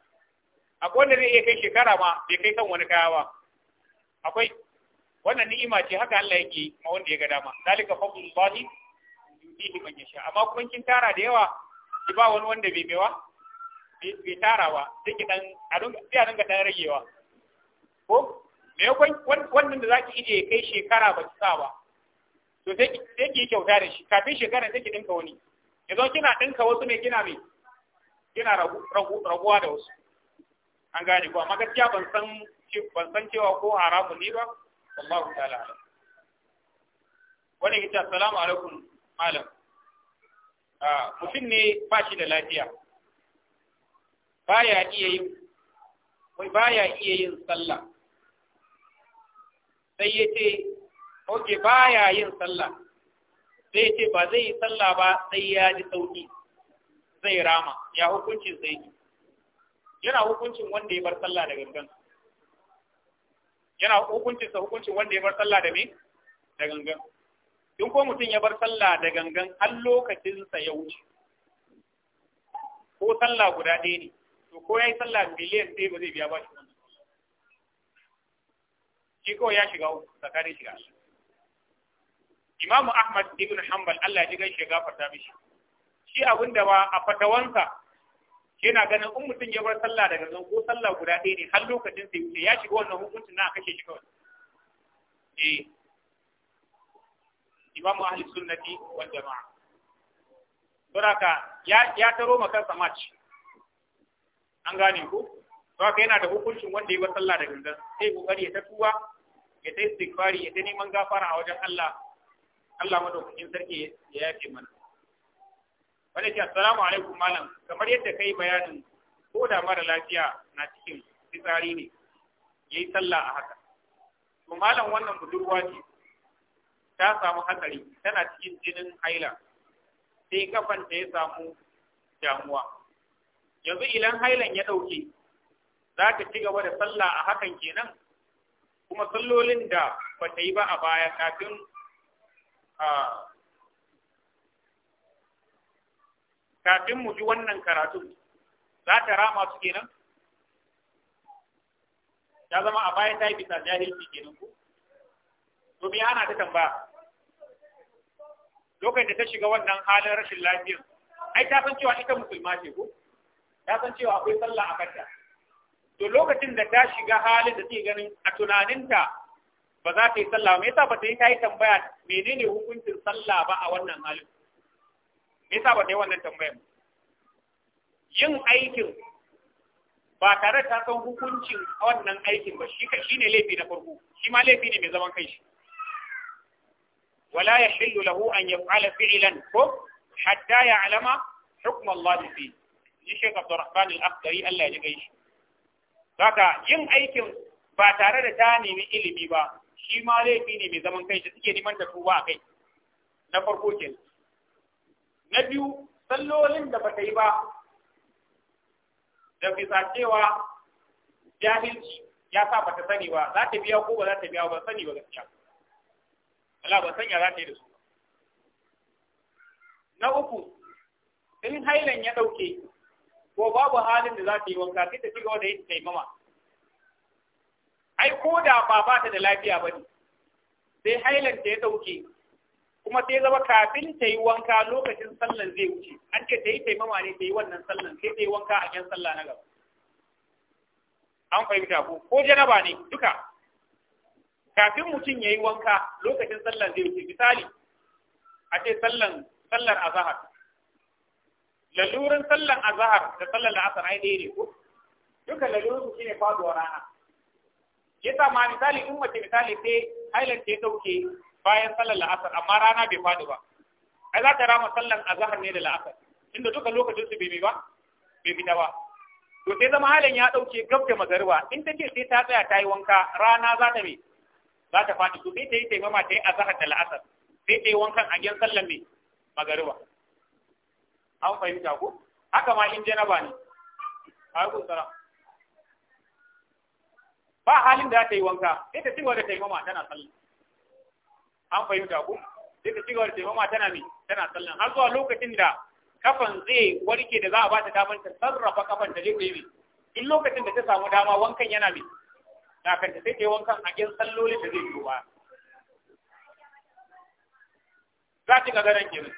akwai wanda zai iya kai shekara ma bai kai kan wani kaya ba akwai wannan ni'ima ce haka Allah yake ma wanda ya ga dama zalika fadlullahi yutihi man yasha amma kuma kin tara da yawa ki ba wani wanda bai mewa bai tara ba sai dan a dunga sai a dunga tare ragewa ko me yakon wannan da zaki ije kai shekara ba ki sa ba to sai sai ki kyauta da shi kafin shekara sai ki dinka wani yanzu kina dinka wasu ne kina me kina raguwa da wasu an gane ko amma gaskiya ban san ban san cewa ko haramun ne ba wallahu ta'ala alam ita Salamu alaikum malam ah, mutum ne ba shi da lafiya baya iya yin wai baya iya yin sallah sai ya ce oke baya yin sallah sai ya ce ba zai yi sallah ba sai ya ji sauki zai rama ya hukuncin sai yana hukuncin wanda ya bar sallah da gangan yana hukuncin sa hukuncin wanda ya bar sallah da me da gangan in ko mutum ya bar sallah da gangan har lokacin sa ya wuce ko sallah guda ɗaya ne to ko yayi sallah miliyan ɗaya ba zai biya ba shi shi ko ya shiga tsakanin shiga Imam Ahmad ibn Hanbal Allah ya ji gaishe gafarta mishi shi abinda ba a fatawansa yana ganin in mutum ya bar sallah daga zan, ko sallah guda ɗaya ne har lokacin sai wuce ya shiga wannan hukuncin na kashe shi kawai eh imam ahli sunnati wal jamaa saboda ya ya taro maka samach an gane ku saboda yana da hukuncin wanda ya bar sallah daga zan, sai kokari ya ta tuwa ya ta istighfari ya ta neman gafara a wajen Allah Allah madaukakin sarki ya yafe mana wanda ce assalamu alaikum malam kamar yadda kai bayanin ko da mara lafiya na cikin fitsari ne yayi sallah a haka to malam wannan budurwa ce ta samu hatsari tana cikin jinin haila sai kafanta ya samu damuwa yanzu idan hailan ya ɗauke za ta ci gaba da sallah a hakan kenan kuma sallolin da ba ta yi ba a baya kafin a ah, kafin mu ji wannan karatu, za ta rama su kenan ta zama a baya ta yi bisa jahilci kenan ku Domin ana ta tambaya lokacin da ta shiga wannan halin rashin lafiyar ai ta san cewa ita musulma ce ku. ta san cewa akwai sallah a kanta to lokacin da ta shiga halin da take ganin a tunaninta ba za ta yi sallah me yasa ba ta yi ta yi tambaya menene hukuncin sallah ba a wannan halin me yasa ba ta yi wannan tambayar yin aikin ba tare ta san hukuncin wannan aikin ba shi shi ne laifi na farko shi ma laifi ne mai zaman kai shi wala ya yahillu lahu an ya yaf'ala fi'lan ko hatta ya'lama hukm Allah fi shi Sheikh Abdurrahman Al-Akhdari Allah ya ji shi Saka yin aikin ba tare da ta nemi ilimi ba, shi ma laifi ne mai zaman kai shi suke neman da tuba a kai. Na farko kenan. na biyu sallolin da bata yi ba da bisa cewa jahilci ya sa bata sani ba za ta biya ko ba za ta biya ba sani ba gaskiya Allah ba sanya za ta yi da su na uku in hailan ya dauke ko babu halin da za ta yi wanka sai ta ci gaba da yin taimama ai ko da ba ba ta da lafiya ba ne sai hailan ta ya dauke kuma sai zama kafin ta yi wanka lokacin sallan zai wuce an ce ta yi taimama ne ta yi wannan sallan sai ta yi wanka a yan sallah na gaba an fahimta ko ko janaba ne duka kafin mutum ya yi wanka lokacin sallan zai wuce misali a ce sallan sallar azahar lalurin sallan azahar da sallar la'asar ai ɗaya ne ko duka lalurin su shine faduwar rana yasa ma misali in mace misali sai hailan ta dauke bayan sallar la'asar amma rana bai faɗi ba ai za ta rama sallar azhar ne da la'asar inda duka lokacin su bai ba bai fita ba to sai zama halin ya dauke gab da magariba in ta sai ta tsaya ta yi wanka rana za ta bi za ta faɗi to sai ta yi taimama ta yi azhar da la'asar sai ta yi wankan a gen sallar ne magariba an fahimta ko haka ma in janaba ne alaikum salam ba halin da ta yi wanka sai ta ci gaba da taimama tana sallar. an fahimta ku sai ta cigaba da taimama tana mi tana sallan har zuwa lokacin da kafan zai warke da za a bata damar ta sarrafa kafan ta zai ta in lokacin da ta samu dama wankan yana mi na kanta sai ta yi wankan a kin sallolin da zai yiwuwa ba za ta ga garan kenan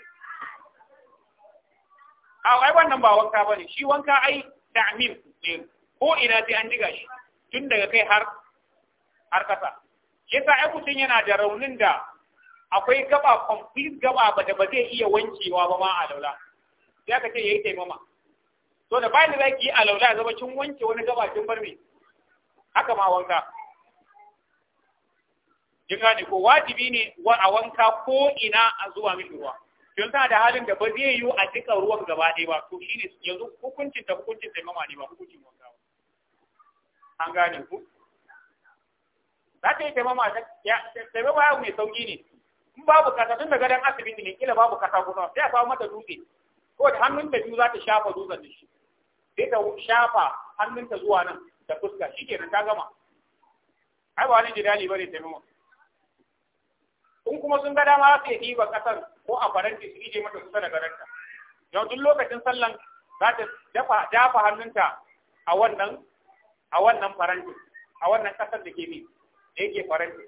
a wai wannan ba wanka ba ne, shi wanka ai ta'mim ne ko ina sai an diga shi tun daga kai har har kasa yasa ai yana da raunin da akwai gaba complete gaba ba da ba zai iya wankewa ba ma alaula sai aka ce yayi taimama to da bayan da zaki yi laula zama kin wanke wani gaba kin bar me haka ma wanka kin gane ko wajibi ne wa a wanka ko ina a zuwa min ruwa kin sa da halin da ba zai yiwu a duka ruwan gaba ɗaya ba to shine yanzu hukuncin da hukuncin taimama ne ba hukuncin wanka ba an gane ku za ta yi taimama ya taimama mai sauki ne in babu kasa tun da gadon asibiti ne kila babu kasa kusa sai a kawo mata dutse ko da hannun da biyu za ta shafa dutsen da shi sai ta shafa hannun ta zuwa nan da fuska shi shikenan ta gama ai ba wani jidali bane ta nuna in kuma sun ga dama sai ba ƙasar ko a faranti su ije mata kusa da garanta yau duk lokacin sallan za ta dafa dafa hannunta a wannan a wannan faranti a wannan ƙasar da ke bi da yake faranti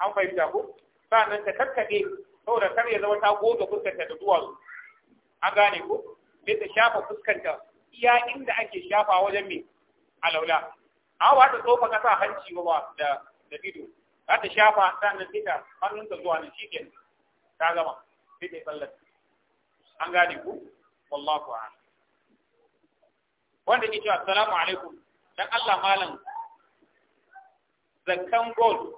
an fahimta ko sa'annan ta karkade saboda kar ya zama ta goga fuskanta da duwatsu an gane ko sai ta shafa fuskanta iya inda ake shafa wajen me alaula awa ta tsofa kasa hanci ba da da ido za ta shafa sannan sai ta hannunta zuwa nan shikenan ta gama sai ta yi tsallar an gane ku wallahu a'lam wanda ke cewa assalamu alaikum dan Allah malam zakkan gold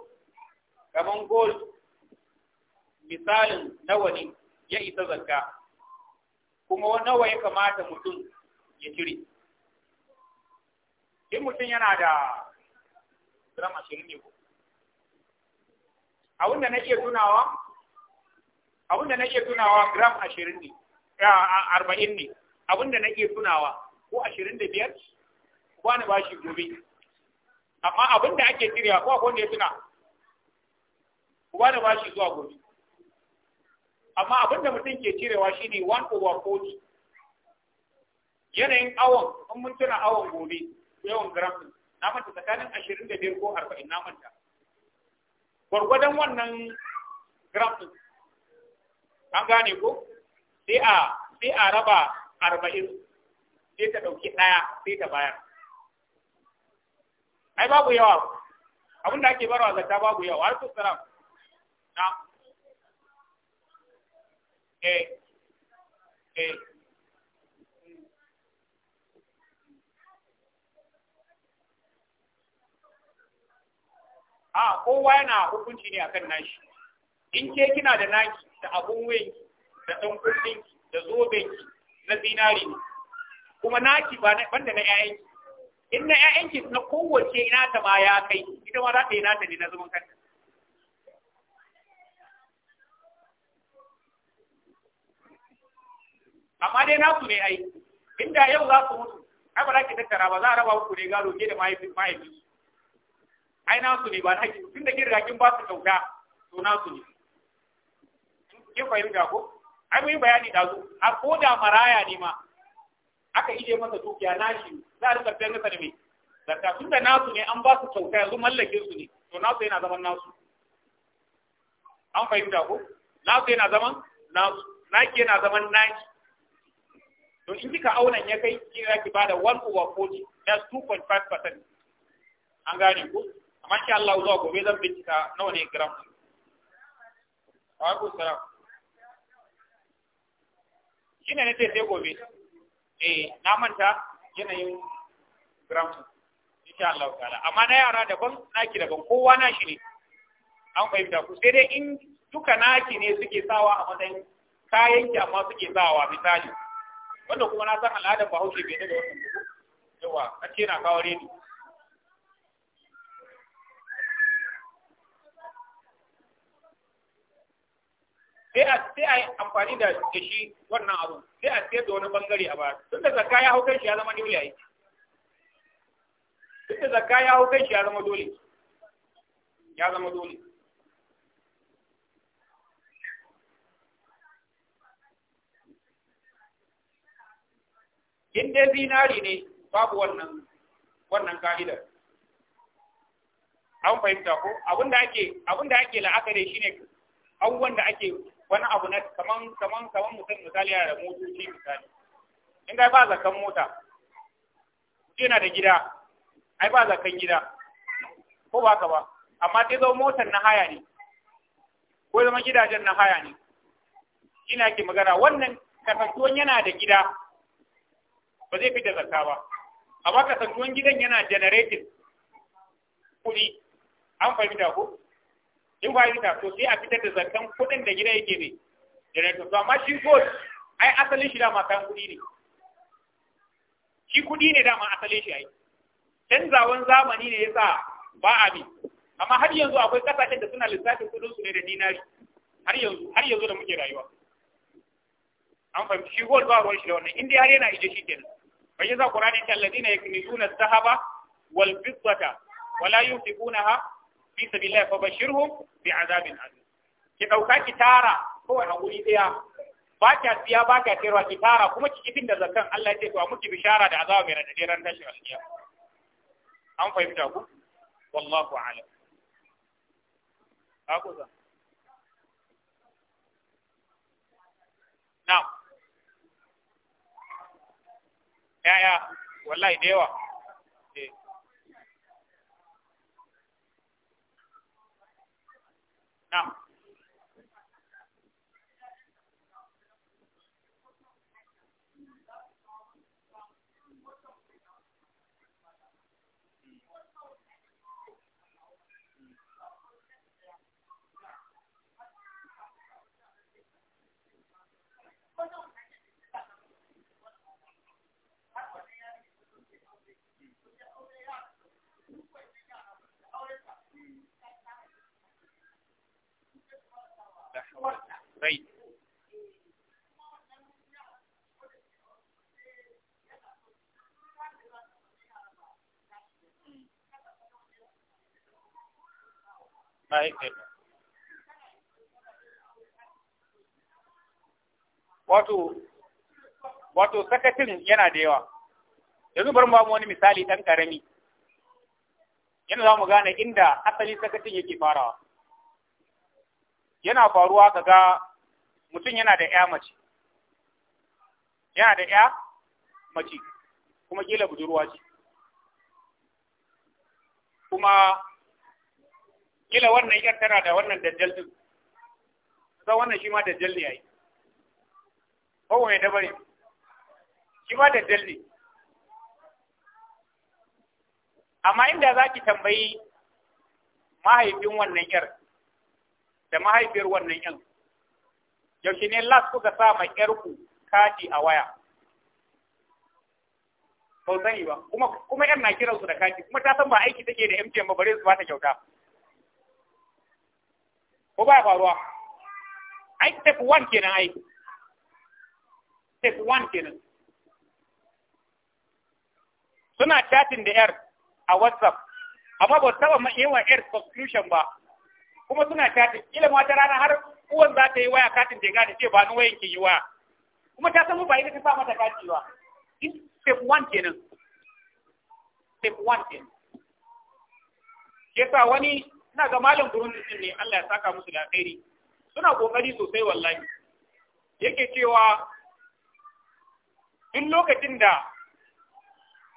gaban gold misalin nawa ne ya isa zakka kuma nawa ya kamata mutum ya cire in mutum yana da gram ashirin ne ko abinda nake tunawa abinda nake tunawa gram ashirin ne arba'in ne abinda nake tunawa ko ashirin da biyar ba ni bashi gobe amma abinda ake cirewa ko akwai wanda ya tuna ba ni bashi zuwa gobe amma abin da mutum ke cirewa shi ne 1 over 40 yanayin awon in mun tuna awon gobe yawan gram na manta tsakanin 25 ko 40 na manta gwargwadon wannan gram din an gane ko sai a sai a raba 40 sai ta dauki daya sai ta bayar ai babu yawa abin da ake barwa zata babu yawa alaikum salam na eh eh a ah, kowa yana hukunci ne akan nashi in ke kina da naki da abun wayanki da ɗan kuɗinki da zobenki na zinari ne kuma naki ba na banda na ƴaƴanki in na ƴaƴanki na kowace ina ta ma ya kai ita ma za ta yi nata ne na zaman kanta amma dai naku ne ai inda yau za ku mutu ai ba za ki tattara ba za a raba ku ne gado ke da mahaifin mahaifin ai nasu ne ba na tun da kin kin ba su kyauta to nasu ne kin fahimta ko ai mun bayani da zo a ko da maraya ne ma aka ije masa dukiya nashi za a rika sayar masa da me zakka tun da nasu ne an ba su kyauta yanzu mallakin su ne to nasu yana zaman nasu an fahimta ko nasu yana zaman nasu naki yana zaman naki to in kika auna ya kai ki za ki bada 1 over 40 that's 2.5 percent an gane ku amma insha Allah zuwa gobe zan bincika nawa ne gram alaikum salam kina ne sai gobe eh na manta yanayin gram insha Allah ta'ala amma na yara daban naki daban kowa na shi ne an fahimta ku sai dai in duka naki ne suke sawa a matsayin kayan ki amma suke sawa misali wanda kuma na san al'adar bahaushe bai daga wannan yawa a ce na kawo reni sai a sai a yi amfani da shi wannan abu sai a siyar da wani bangare a baya tun da zakka ya hau kan shi ya zama dole yayi tun da zakka ya hau kan shi ya zama dole ya zama dole in dai zinari ne babu wannan wannan ka'idar an fahimta ko abinda ake abinda ake la'akari shine abubuwan da ake wani abu na kaman kaman kaman mutum misali yana da motoci misali in ga ba zakan mota yana da gida ai ba zakan gida ko ba ka ba amma sai zo motar na haya ne ko zama gidajen na haya ne ina ke magana wannan kasantuwan yana da gida ba zai fi da zakka ba amma kasantuwan gidan yana generating kuɗi an fahimta ko in fahimta to sai a fitar da zakkan kuɗin da gida yake ne generator to amma shi gold ai asalin shi ma kan kuɗi ne shi kuɗi ne dama asalin shi ai canzawan zamani ne yasa ba a bi amma har yanzu akwai kasashen da suna lissafin kuɗin su ne da dinari har yanzu har yanzu da muke rayuwa an fahimci shi gold ba ruwan shi da wannan Indiya har yana ije shi kenan fa yasa qur'ani ta alladina yaknizuna adh-dhahaba wal fiddata wa la yunfiqunaha ba sabilillah fabashshirhum bi'adabin alim ki dauka ki tara kawai a guri daya ba kya siya ba kya sayarwa ki tara kuma ki kifin da zakan Allah ya ce to a muki bishara da azaba mai radade ran tashin alkiyama an fahimta ku wallahu a'lam akuza na'am 'ya'ya wallahi da yawa eh. na'am Wato, wato sakacin yana da yawa, yanzu bari mu wani misali ɗan ƙarami, yana za mu gane inda asali sakacin yake farawa. yana faruwa kaga mutum yana da ƴa mace yana da ya mace kuma gila budurwa ce kuma gila wannan ƴar tana da wannan dajjal din sai wannan shi ma dajjal ne yayi ko mai dabare shi ma dajjal ne amma inda zaki tambayi mahaifin wannan ƴar da mahaifiyar wannan yan yaushe ne las kuka sa ma yarku kati a waya ba sani ba kuma kuma yan na kiransu da kati kuma ta san ba aiki take da MTN ba bare su ba ta kyauta ko ba faruwa ai step 1 kenan ai step 1 kenan suna chatting da yar a WhatsApp amma ba taba yin wa air subscription ba kuma suna tata kila ma ta rana har uwan za ta yi waya katin da gane ce ba ni wayan ke yi wa? kuma ta san mu ba ita ta sa mata kati ba in step 1 kenan step 1 kenan yasa wani ina ga malam Burundi ne Allah ya saka musu da kairi? suna kokari sosai wallahi yake cewa duk lokacin da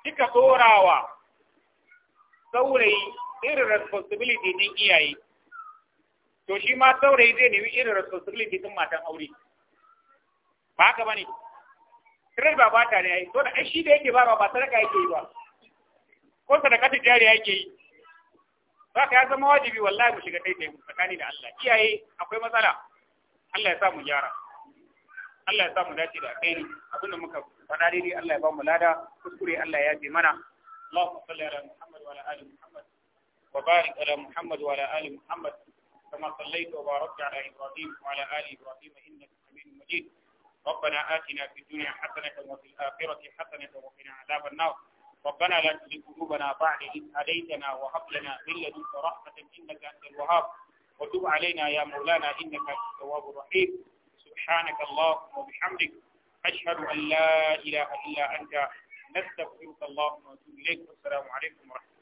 kika tsorawa saurayi irin responsibility din iyaye to shi ma saurayi zai nemi irin responsibility din matan aure ba haka bane kirar ba bata ne yayi to da ai shi da yake ba ba sadaka yake yi ba ko sadaka ta jari yake yi ka ya zama wajibi wallahi mu shiga kai kai tsakani da Allah iyaye akwai matsala Allah ya sa mu gyara Allah ya sa mu dace da alkhairi abinda muka faɗa daidai Allah ya ba mu lada kuskure Allah ya yafe mana Allahumma salli ala Muhammad wa ala ali Muhammad wa barik ala Muhammad wa ala ali Muhammad كما صليت وباركت على إبراهيم وعلى آل إبراهيم إنك حميد مجيد ربنا آتنا في الدنيا حسنة وفي الآخرة حسنة وقنا عذاب النار ربنا لا تزغ قلوبنا بعد إذ هديتنا وهب لنا من لدنك رحمة إنك أنت الوهاب وتب علينا يا مولانا إنك التواب الرحيم سبحانك اللهم وبحمدك أشهد أن لا إله إلا أنت نستغفرك اللهم ونتوب إليك والسلام عليكم ورحمة الله